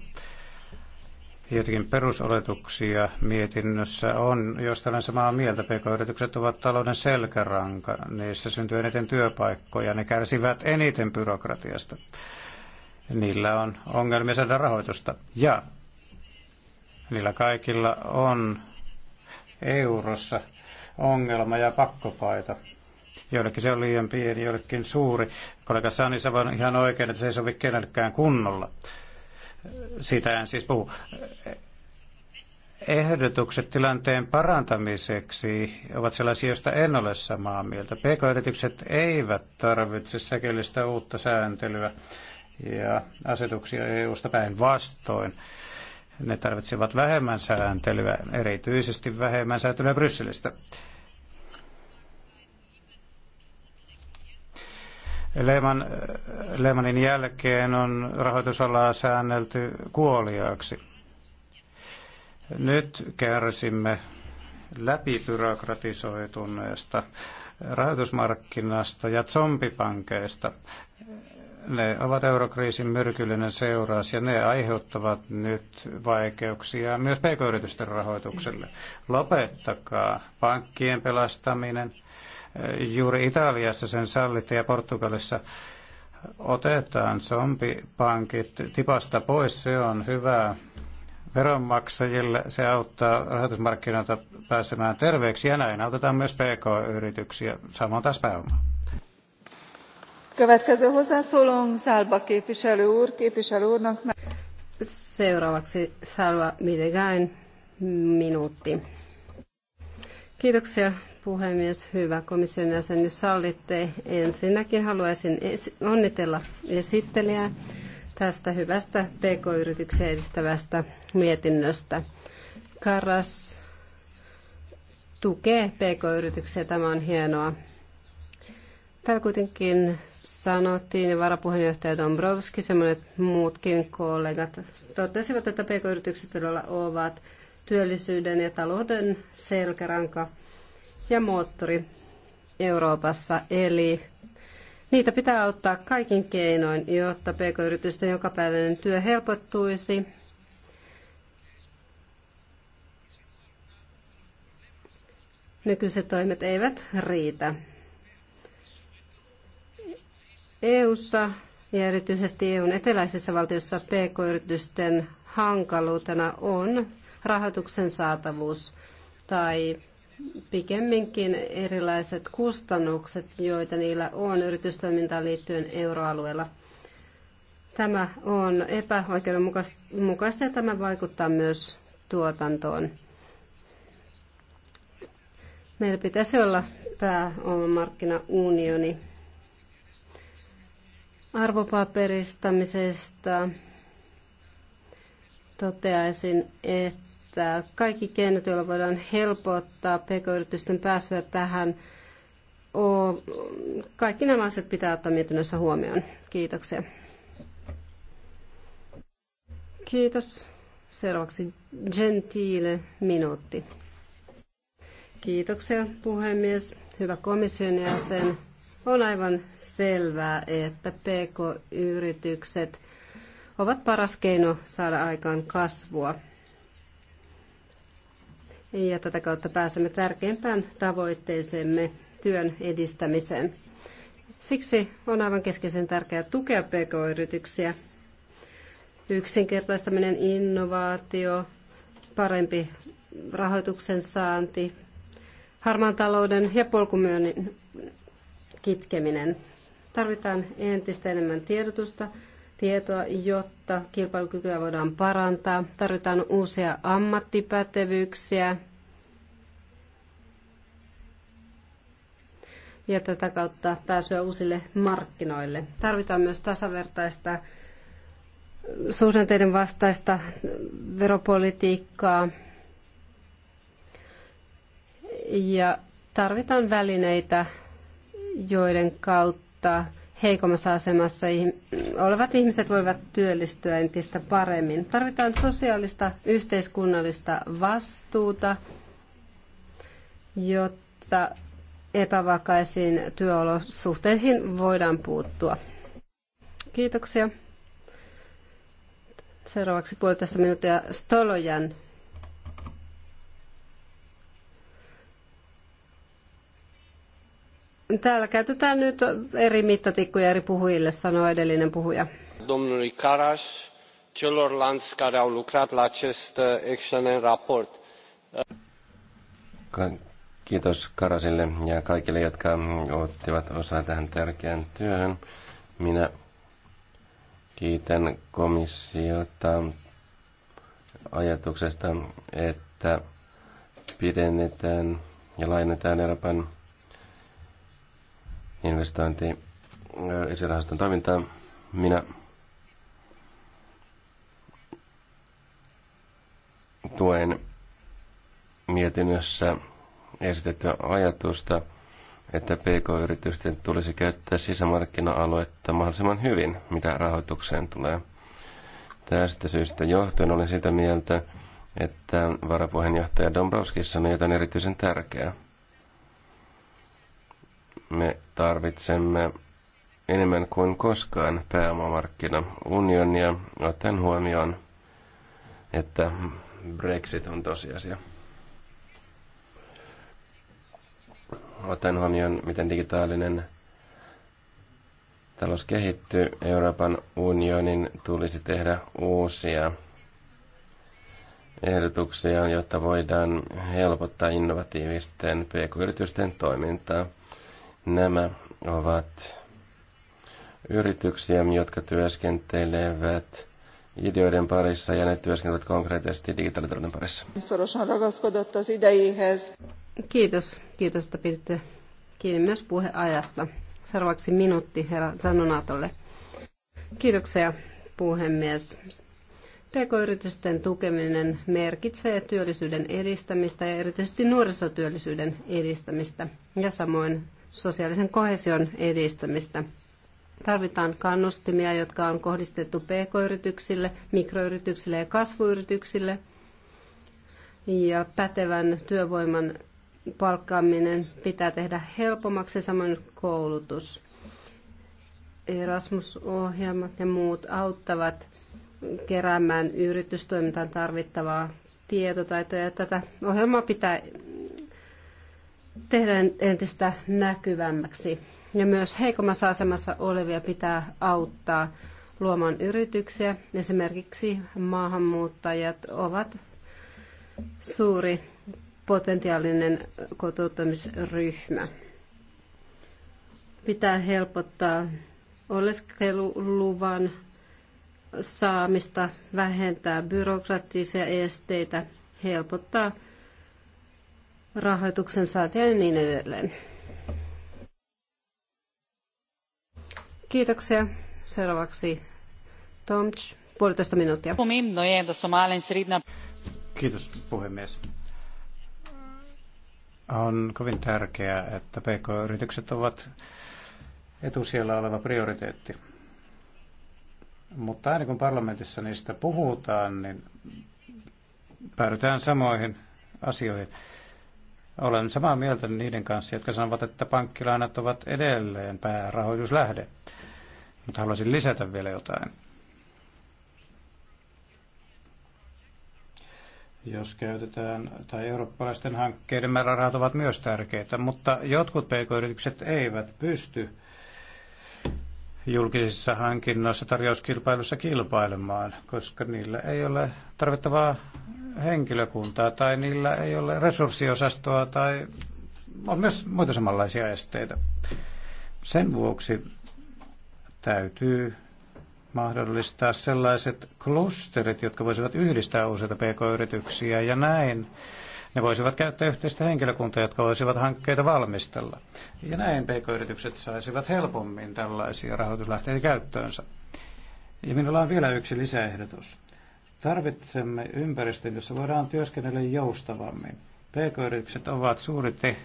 Joitakin perusoletuksia mietinnössä on, joista olen samaa mieltä. PK-yritykset ovat talouden selkäranka. Niissä syntyy eniten työpaikkoja. Ne kärsivät eniten byrokratiasta. Niillä on ongelmia saada rahoitusta. Ja niillä kaikilla on eurossa ongelma ja pakkopaita. Joillekin se on liian pieni, joillekin suuri. Kollega Sani on ihan oikein, että se ei sovi kenellekään kunnolla. Siitä en siis puhu. Ehdotukset tilanteen parantamiseksi ovat sellaisia, joista en ole samaa mieltä. PK-yritykset eivät tarvitse säkellistä uutta sääntelyä ja asetuksia EU-sta päinvastoin. vastoin ne tarvitsevat vähemmän sääntelyä, erityisesti vähemmän sääntelyä Brysselistä. Lehman, Lehmanin jälkeen on rahoitusalaa säännelty kuoliaaksi. Nyt kärsimme läpibyrokratisoituneesta rahoitusmarkkinasta ja zombipankeista. Ne ovat eurokriisin myrkyllinen seuraus ja ne aiheuttavat nyt vaikeuksia myös pk-yritysten rahoitukselle. Lopettakaa pankkien pelastaminen. Juuri Italiassa sen sallitti ja Portugalissa otetaan zombipankit tipasta pois. Se on hyvä veronmaksajille. Se auttaa rahoitusmarkkinoita pääsemään terveeksi ja näin autetaan myös pk-yrityksiä. Samoin taas pääomaa. Következő Seuraavaksi Salva Midegain minuutti. Kiitoksia puhemies, hyvä komission jäsen, jos sallitte. Ensinnäkin haluaisin onnitella esittelijää tästä hyvästä pk-yrityksiä edistävästä mietinnöstä. Karas tukee pk-yrityksiä, tämä on hienoa. Täällä kuitenkin sanottiin, ja varapuheenjohtaja Dombrovski, semmoinen muutkin kollegat, totesivat, että pk-yritykset todella ovat työllisyyden ja talouden selkäranka ja moottori Euroopassa. Eli niitä pitää auttaa kaikin keinoin, jotta pk-yritysten jokapäiväinen työ helpottuisi. Nykyiset toimet eivät riitä. EU:ssa ja erityisesti EUn eteläisissä valtioissa pk-yritysten hankaluutena on rahoituksen saatavuus tai pikemminkin erilaiset kustannukset, joita niillä on yritystoimintaan liittyen euroalueella. Tämä on epäoikeudenmukaista ja tämä vaikuttaa myös tuotantoon. Meillä pitäisi olla pääomamarkkinaunioni. unioni arvopaperistamisesta toteaisin, että kaikki keinot, joilla voidaan helpottaa pk-yritysten pääsyä tähän, kaikki nämä asiat pitää ottaa mietinnössä huomioon. Kiitoksia. Kiitos. Seuraavaksi Gentile minuutti. Kiitoksia puhemies. Hyvä komission jäsen. On aivan selvää, että PK-yritykset ovat paras keino saada aikaan kasvua. Ja tätä kautta pääsemme tärkeimpään tavoitteeseemme työn edistämiseen. Siksi on aivan keskeisen tärkeää tukea PK-yrityksiä. Yksinkertaistaminen, innovaatio, parempi rahoituksen saanti, harmaan talouden ja polkumyönnin kitkeminen. Tarvitaan entistä enemmän tiedotusta, tietoa, jotta kilpailukykyä voidaan parantaa. Tarvitaan uusia ammattipätevyyksiä. Ja tätä kautta pääsyä uusille markkinoille. Tarvitaan myös tasavertaista suhdanteiden vastaista veropolitiikkaa. Ja tarvitaan välineitä joiden kautta heikommassa asemassa olevat ihmiset voivat työllistyä entistä paremmin. Tarvitaan sosiaalista yhteiskunnallista vastuuta, jotta epävakaisiin työolosuhteihin voidaan puuttua. Kiitoksia. Seuraavaksi puolitoista minuuttia Stolojan Täällä käytetään nyt eri mittatikkuja eri puhujille, sanoi edellinen puhuja. Domnului Karas, celorlalți care au lucrat la acest uh, excelent raport. Kiitos Karasille ja kaikille, jotka ottivat osaa tähän tärkeään työhön. Minä kiitän komissiota ajatuksesta, että pidennetään ja lainetaan Euroopan investointi esirahaston toimintaa. Minä tuen mietinnössä esitettyä ajatusta, että PK-yritysten tulisi käyttää sisämarkkina-aluetta mahdollisimman hyvin, mitä rahoitukseen tulee. Tästä syystä johtuen olen sitä mieltä, että varapuheenjohtaja Dombrovskis sanoi jotain erityisen tärkeää. Me tarvitsemme enemmän kuin koskaan pääomamarkkinaunionia, ottaen huomioon, että Brexit on tosiasia. Ottaen huomioon, miten digitaalinen talous kehittyy, Euroopan unionin tulisi tehdä uusia ehdotuksia, jotta voidaan helpottaa innovatiivisten pk-yritysten toimintaa – Nämä ovat yrityksiä, jotka työskentelevät ideoiden parissa ja ne työskentelevät konkreettisesti digitaalitalouden parissa. Kiitos. Kiitos, että piditte kiinni myös puheajasta. Seuraavaksi minuutti herra zanonatolle. Kiitoksia puhemies. PK-yritysten tukeminen merkitsee työllisyyden edistämistä ja erityisesti nuorisotyöllisyyden edistämistä ja samoin sosiaalisen kohesion edistämistä. Tarvitaan kannustimia, jotka on kohdistettu pk-yrityksille, mikroyrityksille ja kasvuyrityksille. Ja pätevän työvoiman palkkaaminen pitää tehdä helpommaksi, samoin koulutus. Erasmus-ohjelmat ja muut auttavat keräämään yritystoimintaan tarvittavaa tietotaitoja. Tätä ohjelmaa pitää tehdään entistä näkyvämmäksi. Ja myös heikommassa asemassa olevia pitää auttaa luomaan yrityksiä. Esimerkiksi maahanmuuttajat ovat suuri potentiaalinen kotouttamisryhmä. Pitää helpottaa oleskeluluvan saamista, vähentää byrokratisia esteitä, helpottaa rahoituksen saatia ja niin edelleen. Kiitoksia. Seuraavaksi Tomč, puolitoista minuuttia. Kiitos puhemies. On kovin tärkeää, että PK-yritykset ovat etusijalla oleva prioriteetti. Mutta aina kun parlamentissa niistä puhutaan, niin päädytään samoihin asioihin. Olen samaa mieltä niiden kanssa, jotka sanovat, että pankkilainat ovat edelleen päärahoituslähde. Mutta haluaisin lisätä vielä jotain. jos käytetään, tai eurooppalaisten hankkeiden määrärahat ovat myös tärkeitä, mutta jotkut pk-yritykset eivät pysty julkisissa hankinnoissa tarjouskilpailussa kilpailemaan, koska niillä ei ole tarvittavaa henkilökuntaa tai niillä ei ole resurssiosastoa tai on myös muita samanlaisia esteitä. Sen vuoksi täytyy mahdollistaa sellaiset klusterit, jotka voisivat yhdistää useita pk-yrityksiä ja näin ne voisivat käyttää yhteistä henkilökuntaa, jotka voisivat hankkeita valmistella. Ja näin pk-yritykset saisivat helpommin tällaisia rahoituslähteitä käyttöönsä. Ja minulla on vielä yksi lisäehdotus. Tarvitsemme ympäristön, jossa voidaan työskennellä joustavammin. PK-yritykset ovat suuri te-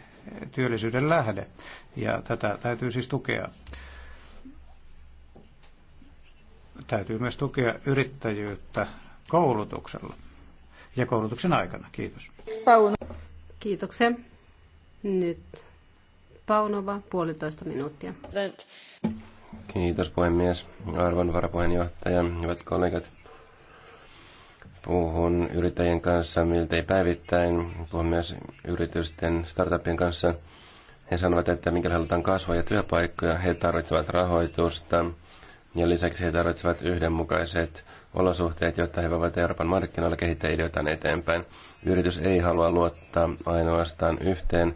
työllisyyden lähde ja tätä täytyy siis tukea. Täytyy myös tukea yrittäjyyttä koulutuksella ja koulutuksen aikana. Kiitos. Pauno. Kiitoksia. Nyt Paunova, puolitoista minuuttia. Kiitos puhemies, arvon varapuheenjohtaja, hyvät kollegat. Puhun yrittäjien kanssa miltei päivittäin, puhun myös yritysten startupien kanssa. He sanovat, että mikäli halutaan kasvua ja työpaikkoja, he tarvitsevat rahoitusta ja lisäksi he tarvitsevat yhdenmukaiset olosuhteet, jotta he voivat Euroopan markkinoilla kehittää ideoitaan eteenpäin. Yritys ei halua luottaa ainoastaan yhteen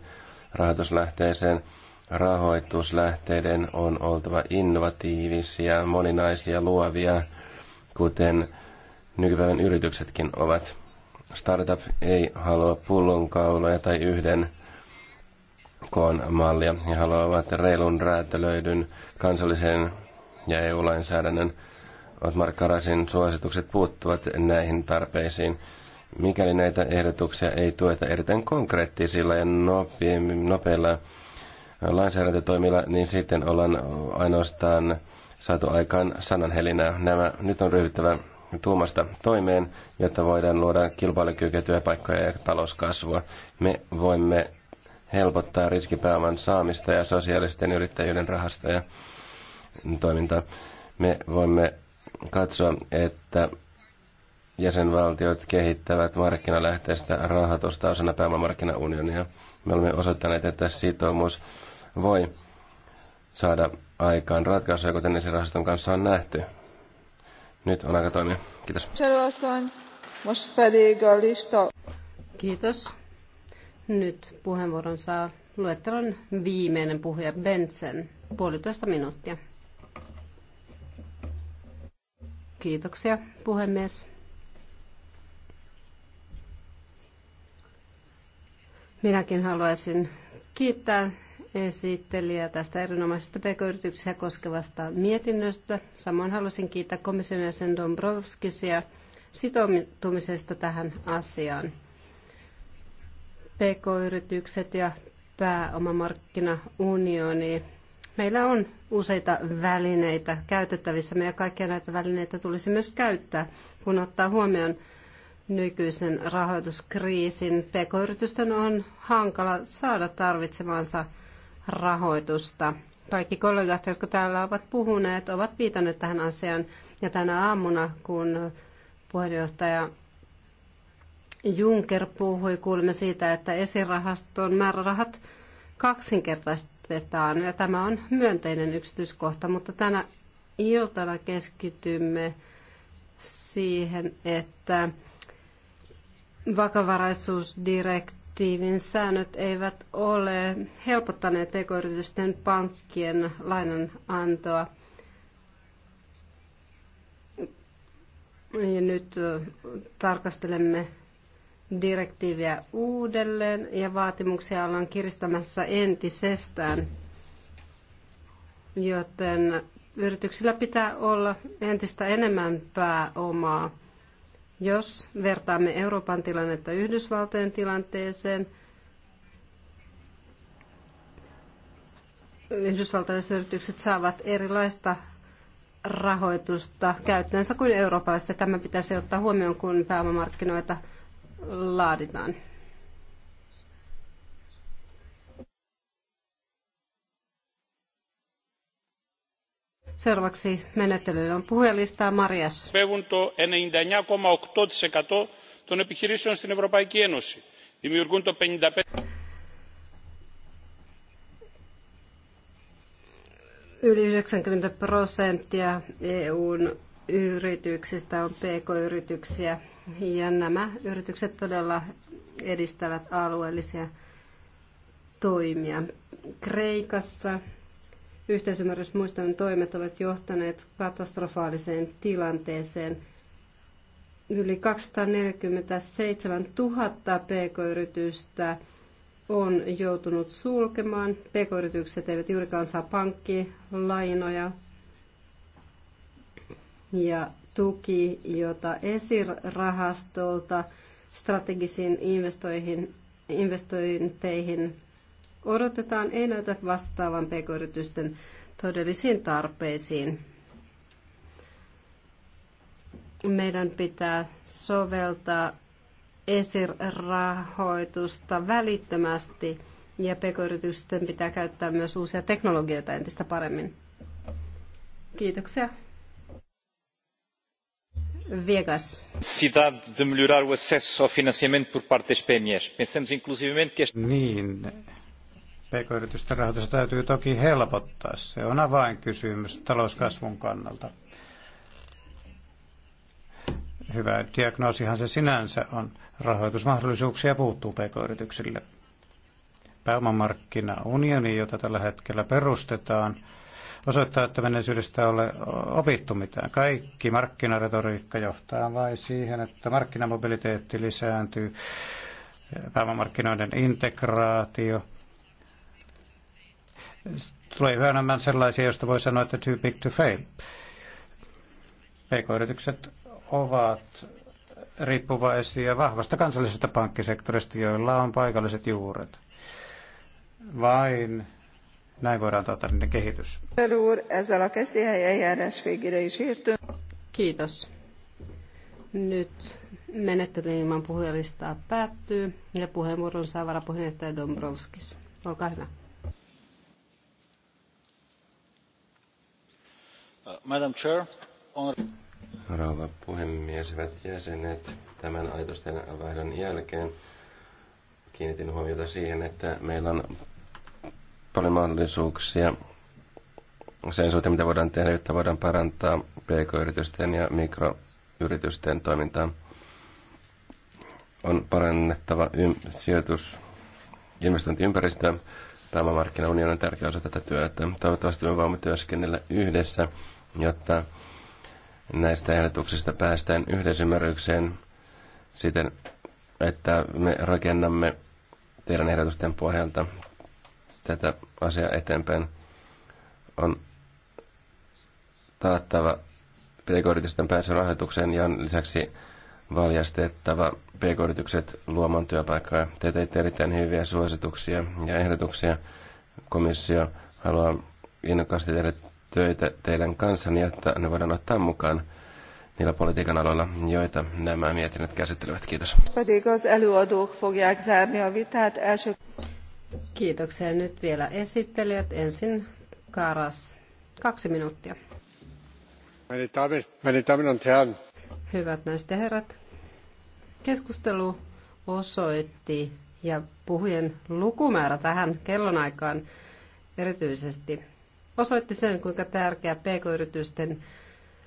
rahoituslähteeseen. Rahoituslähteiden on oltava innovatiivisia, moninaisia, luovia, kuten nykypäivän yrityksetkin ovat. Startup ei halua pullonkauloja tai yhden koon mallia. He haluavat reilun räätälöidyn kansallisen ja EU-lainsäädännön Otmar Karasin suositukset puuttuvat näihin tarpeisiin. Mikäli näitä ehdotuksia ei tueta erittäin konkreettisilla ja nopeilla lainsäädäntötoimilla, niin sitten ollaan ainoastaan saatu aikaan sananhelinää. Nämä nyt on ryhdyttävä tuomasta toimeen, jotta voidaan luoda kilpailukykyä, työpaikkoja ja talouskasvua. Me voimme helpottaa riskipääoman saamista ja sosiaalisten yrittäjyyden rahasta ja toimintaa. Me voimme katsoa, että jäsenvaltiot kehittävät markkinalähteistä rahoitusta osana pääomamarkkinaunionia. Me olemme osoittaneet, että sitoumus voi saada aikaan ratkaisuja, kuten rahaston kanssa on nähty. Nyt on aika toimia. Kiitos. Kiitos. Nyt puheenvuoron saa luettelon viimeinen puhuja Benson, puolitoista minuuttia. Kiitoksia, puhemies. Minäkin haluaisin kiittää esittelijää tästä erinomaisesta pk-yrityksiä koskevasta mietinnöstä. Samoin haluaisin kiittää komission jäsen Dombrovskisia sitoutumisesta tähän asiaan. PK-yritykset ja pääomamarkkinaunioni Meillä on useita välineitä käytettävissä meidän kaikkia näitä välineitä tulisi myös käyttää, kun ottaa huomioon nykyisen rahoituskriisin. PK-yritysten on hankala saada tarvitsemansa rahoitusta. Kaikki kollegat, jotka täällä ovat puhuneet, ovat viitanneet tähän asiaan. Ja tänä aamuna, kun puheenjohtaja Juncker puhui, kuulimme siitä, että esirahaston määrärahat kaksinkertaisesti jatketaan. ja tämä on myönteinen yksityiskohta, mutta tänä iltana keskitymme siihen, että vakavaraisuusdirektiivin säännöt eivät ole helpottaneet pk-yritysten pankkien lainanantoa. Ja nyt tarkastelemme direktiiviä uudelleen ja vaatimuksia ollaan kiristämässä entisestään, joten yrityksillä pitää olla entistä enemmän pääomaa. Jos vertaamme Euroopan tilannetta Yhdysvaltojen tilanteeseen, yhdysvaltalaiset yritykset saavat erilaista rahoitusta käyttöönsä kuin eurooppalaiset. Tämä pitäisi ottaa huomioon, kun pääomamarkkinoita laaditaan. Seuraavaksi menettelyyn on puhujalistaa Marias. Πεύουν το 99,8% των επιχειρήσεων στην Ευρωπαϊκή Ένωση. Δημιουργούν το 55... Yli 90 prosenttia EUn yrityksistä on pk-yrityksiä ja nämä yritykset todella edistävät alueellisia toimia. Kreikassa yhteisymmärrysmuistelun toimet ovat johtaneet katastrofaaliseen tilanteeseen. Yli 247 000 pk-yritystä on joutunut sulkemaan. Pk-yritykset eivät juurikaan saa pankkilainoja. Ja tuki, jota ESIR-rahastolta strategisiin investointeihin odotetaan, ei näytä vastaavan pk-yritysten todellisiin tarpeisiin. Meidän pitää soveltaa esirahoitusta välittömästi ja pk-yritysten pitää käyttää myös uusia teknologioita entistä paremmin. Kiitoksia. Vegas. Cidade de melhorar o acesso ao financiamento por parte das PMEs. Pensamos inclusivamente que este... Niin, pk-yritysten rahoitusta täytyy toki helpottaa. Se on avainkysymys talouskasvun kannalta. Hyvä diagnoosihan se sinänsä on. Rahoitusmahdollisuuksia puuttuu pk-yrityksille. Pääomamarkkinaunioni, jota tällä hetkellä perustetaan, osoittaa, että menneisyydestä ole opittu mitään. Kaikki markkinaretoriikka johtaa vain siihen, että markkinamobiliteetti lisääntyy, pääomamarkkinoiden integraatio. Tulee yhä enemmän sellaisia, joista voi sanoa, että too big to fail. PK-yritykset ovat riippuvaisia vahvasta kansallisesta pankkisektorista, joilla on paikalliset juuret. Vain näin voidaan taata niiden kehitys. Kiitos. Nyt menettely ilman puhujalistaa päättyy ja puheenvuoron saa varapuheenjohtaja Dombrovskis. Olkaa hyvä. Uh, Madam Chair, on... Rouva puhemies, hyvät jäsenet, tämän aitosten vaihdon jälkeen kiinnitin huomiota siihen, että meillä on paljon mahdollisuuksia sen suhteen, mitä voidaan tehdä, jotta voidaan parantaa pk-yritysten ja mikroyritysten toimintaa. On parannettava ym- sijoitus investointiympäristöä. markkinaunion on tärkeä osa tätä työtä. Toivottavasti me voimme työskennellä yhdessä, jotta näistä ehdotuksista päästään yhdesymmärrykseen siten, että me rakennamme teidän ehdotusten pohjalta tätä asiaa eteenpäin. On taattava pk-yritysten pääsy rahoitukseen ja on lisäksi valjastettava pk-yritykset luomaan työpaikkoja. Te teitte erittäin hyviä suosituksia ja ehdotuksia. Komissio haluaa innokkaasti tehdä töitä teidän niin, että ne voidaan ottaa mukaan niillä politiikan aloilla, joita nämä mietinnät käsittelevät. Kiitos. Kiitoksia. Nyt vielä esittelijät. Ensin Karas. Kaksi minuuttia. Hyvät naiset ja herrat. Keskustelu osoitti ja puhujen lukumäärä tähän kellonaikaan erityisesti osoitti sen, kuinka tärkeä pk-yritysten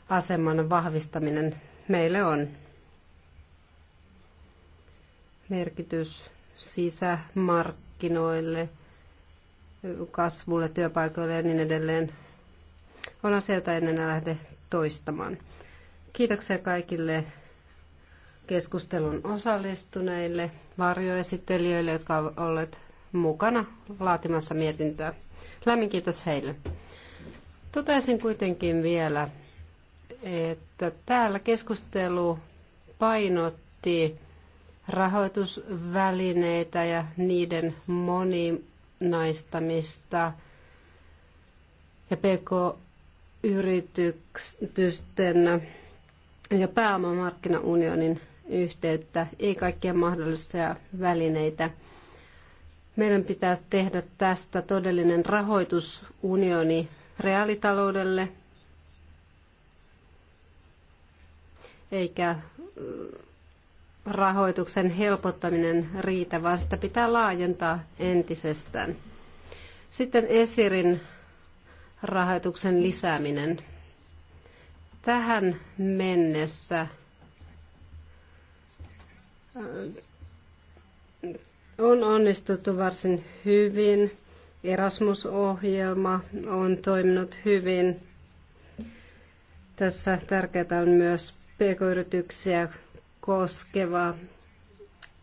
aseman vahvistaminen meille on. Merkitys sisämarkkinoille markkinoille, kasvulle, työpaikoille ja niin edelleen, on asia, ennen lähde toistamaan. Kiitoksia kaikille keskustelun osallistuneille, varjoesittelijöille, jotka ovat olleet mukana laatimassa mietintöä. Lämmin kiitos heille. Totesin kuitenkin vielä, että täällä keskustelu painotti rahoitusvälineitä ja niiden moninaistamista ja pk-yritysten ja pääomamarkkinaunionin yhteyttä, ei kaikkia mahdollisia välineitä. Meidän pitää tehdä tästä todellinen rahoitusunioni reaalitaloudelle, eikä rahoituksen helpottaminen riitä, vaan sitä pitää laajentaa entisestään. Sitten Esirin rahoituksen lisääminen. Tähän mennessä äh, on onnistuttu varsin hyvin. Erasmus-ohjelma on toiminut hyvin. Tässä tärkeää on myös pk-yrityksiä koskeva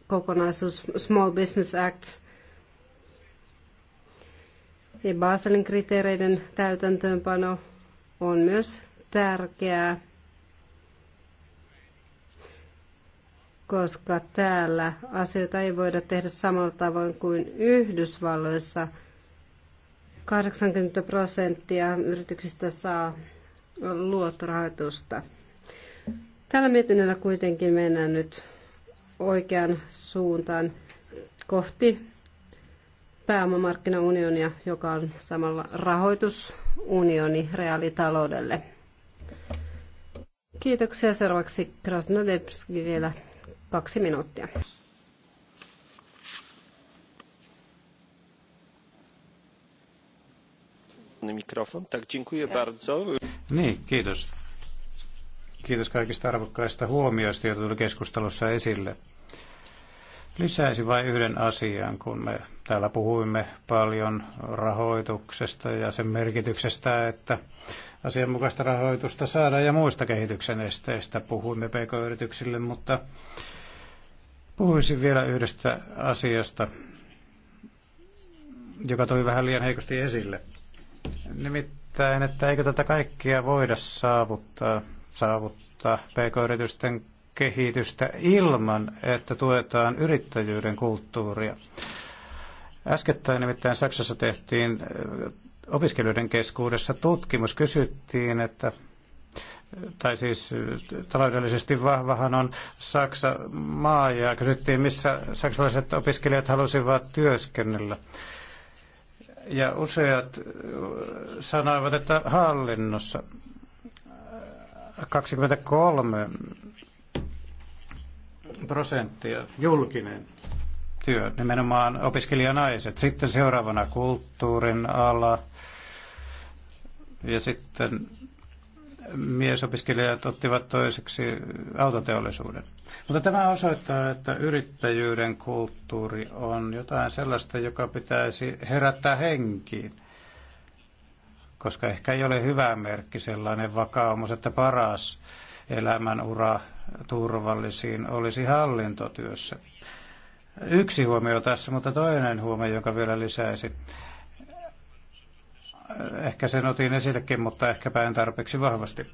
kokonaisuus, Small Business Act ja Baselin kriteereiden täytäntöönpano on myös tärkeää, koska täällä asioita ei voida tehdä samalla tavoin kuin Yhdysvalloissa. 80 prosenttia yrityksistä saa luottorahoitusta. Tällä mietinnöllä kuitenkin mennään nyt oikeaan suuntaan kohti pääomamarkkinaunionia, joka on samalla rahoitusunioni reaalitaloudelle. Kiitoksia. Seuraavaksi Krasnodebski vielä kaksi minuuttia. Mikrofon. Tak, dziękuję bardzo. Niin, kiitos. Kiitos kaikista arvokkaista huomioista, joita tuli keskustelussa esille. Lisäisin vain yhden asian, kun me täällä puhuimme paljon rahoituksesta ja sen merkityksestä, että asianmukaista rahoitusta saadaan ja muista kehityksen esteistä puhuimme pk-yrityksille, mutta puhuisin vielä yhdestä asiasta, joka tuli vähän liian heikosti esille. Nimittäin, että eikö tätä kaikkia voida saavuttaa saavuttaa pk-yritysten kehitystä ilman, että tuetaan yrittäjyyden kulttuuria. Äskettäin nimittäin Saksassa tehtiin äh, opiskelijoiden keskuudessa tutkimus. Kysyttiin, että tai siis äh, taloudellisesti vahvahan on Saksa maa ja kysyttiin, missä saksalaiset opiskelijat halusivat työskennellä. Ja useat äh, sanoivat, että hallinnossa. 23 prosenttia julkinen työ, nimenomaan opiskelijanaiset. Sitten seuraavana kulttuurin ala ja sitten miesopiskelijat ottivat toiseksi autoteollisuuden. Mutta tämä osoittaa, että yrittäjyyden kulttuuri on jotain sellaista, joka pitäisi herättää henkiin koska ehkä ei ole hyvä merkki sellainen vakaumus, että paras elämänura turvallisiin olisi hallintotyössä. Yksi huomio tässä, mutta toinen huomio, joka vielä lisäisi. Ehkä sen otin esillekin, mutta ehkäpä en tarpeeksi vahvasti.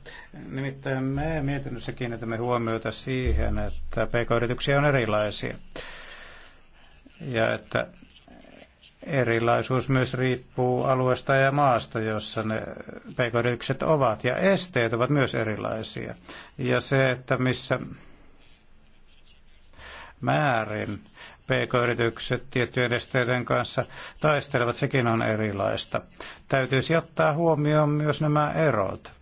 Nimittäin me mietinnössä kiinnitämme huomiota siihen, että pk-yrityksiä on erilaisia. Ja että Erilaisuus myös riippuu alueesta ja maasta, jossa ne pk ovat, ja esteet ovat myös erilaisia. Ja se, että missä määrin PK-yritykset tiettyjen esteiden kanssa taistelevat, sekin on erilaista. Täytyisi ottaa huomioon myös nämä erot.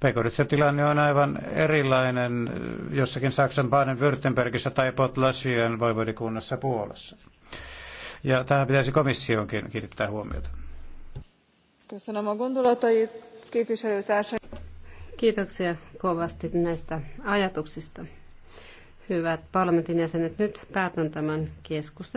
pk tilanne on aivan erilainen jossakin Saksan Baden-Württembergissä tai Potlasien voivodikunnassa Puolassa. Ja tähän pitäisi komissioonkin kiinnittää huomiota. Kiitoksia kovasti näistä ajatuksista. Hyvät parlamentin jäsenet, nyt päätän tämän keskustelun.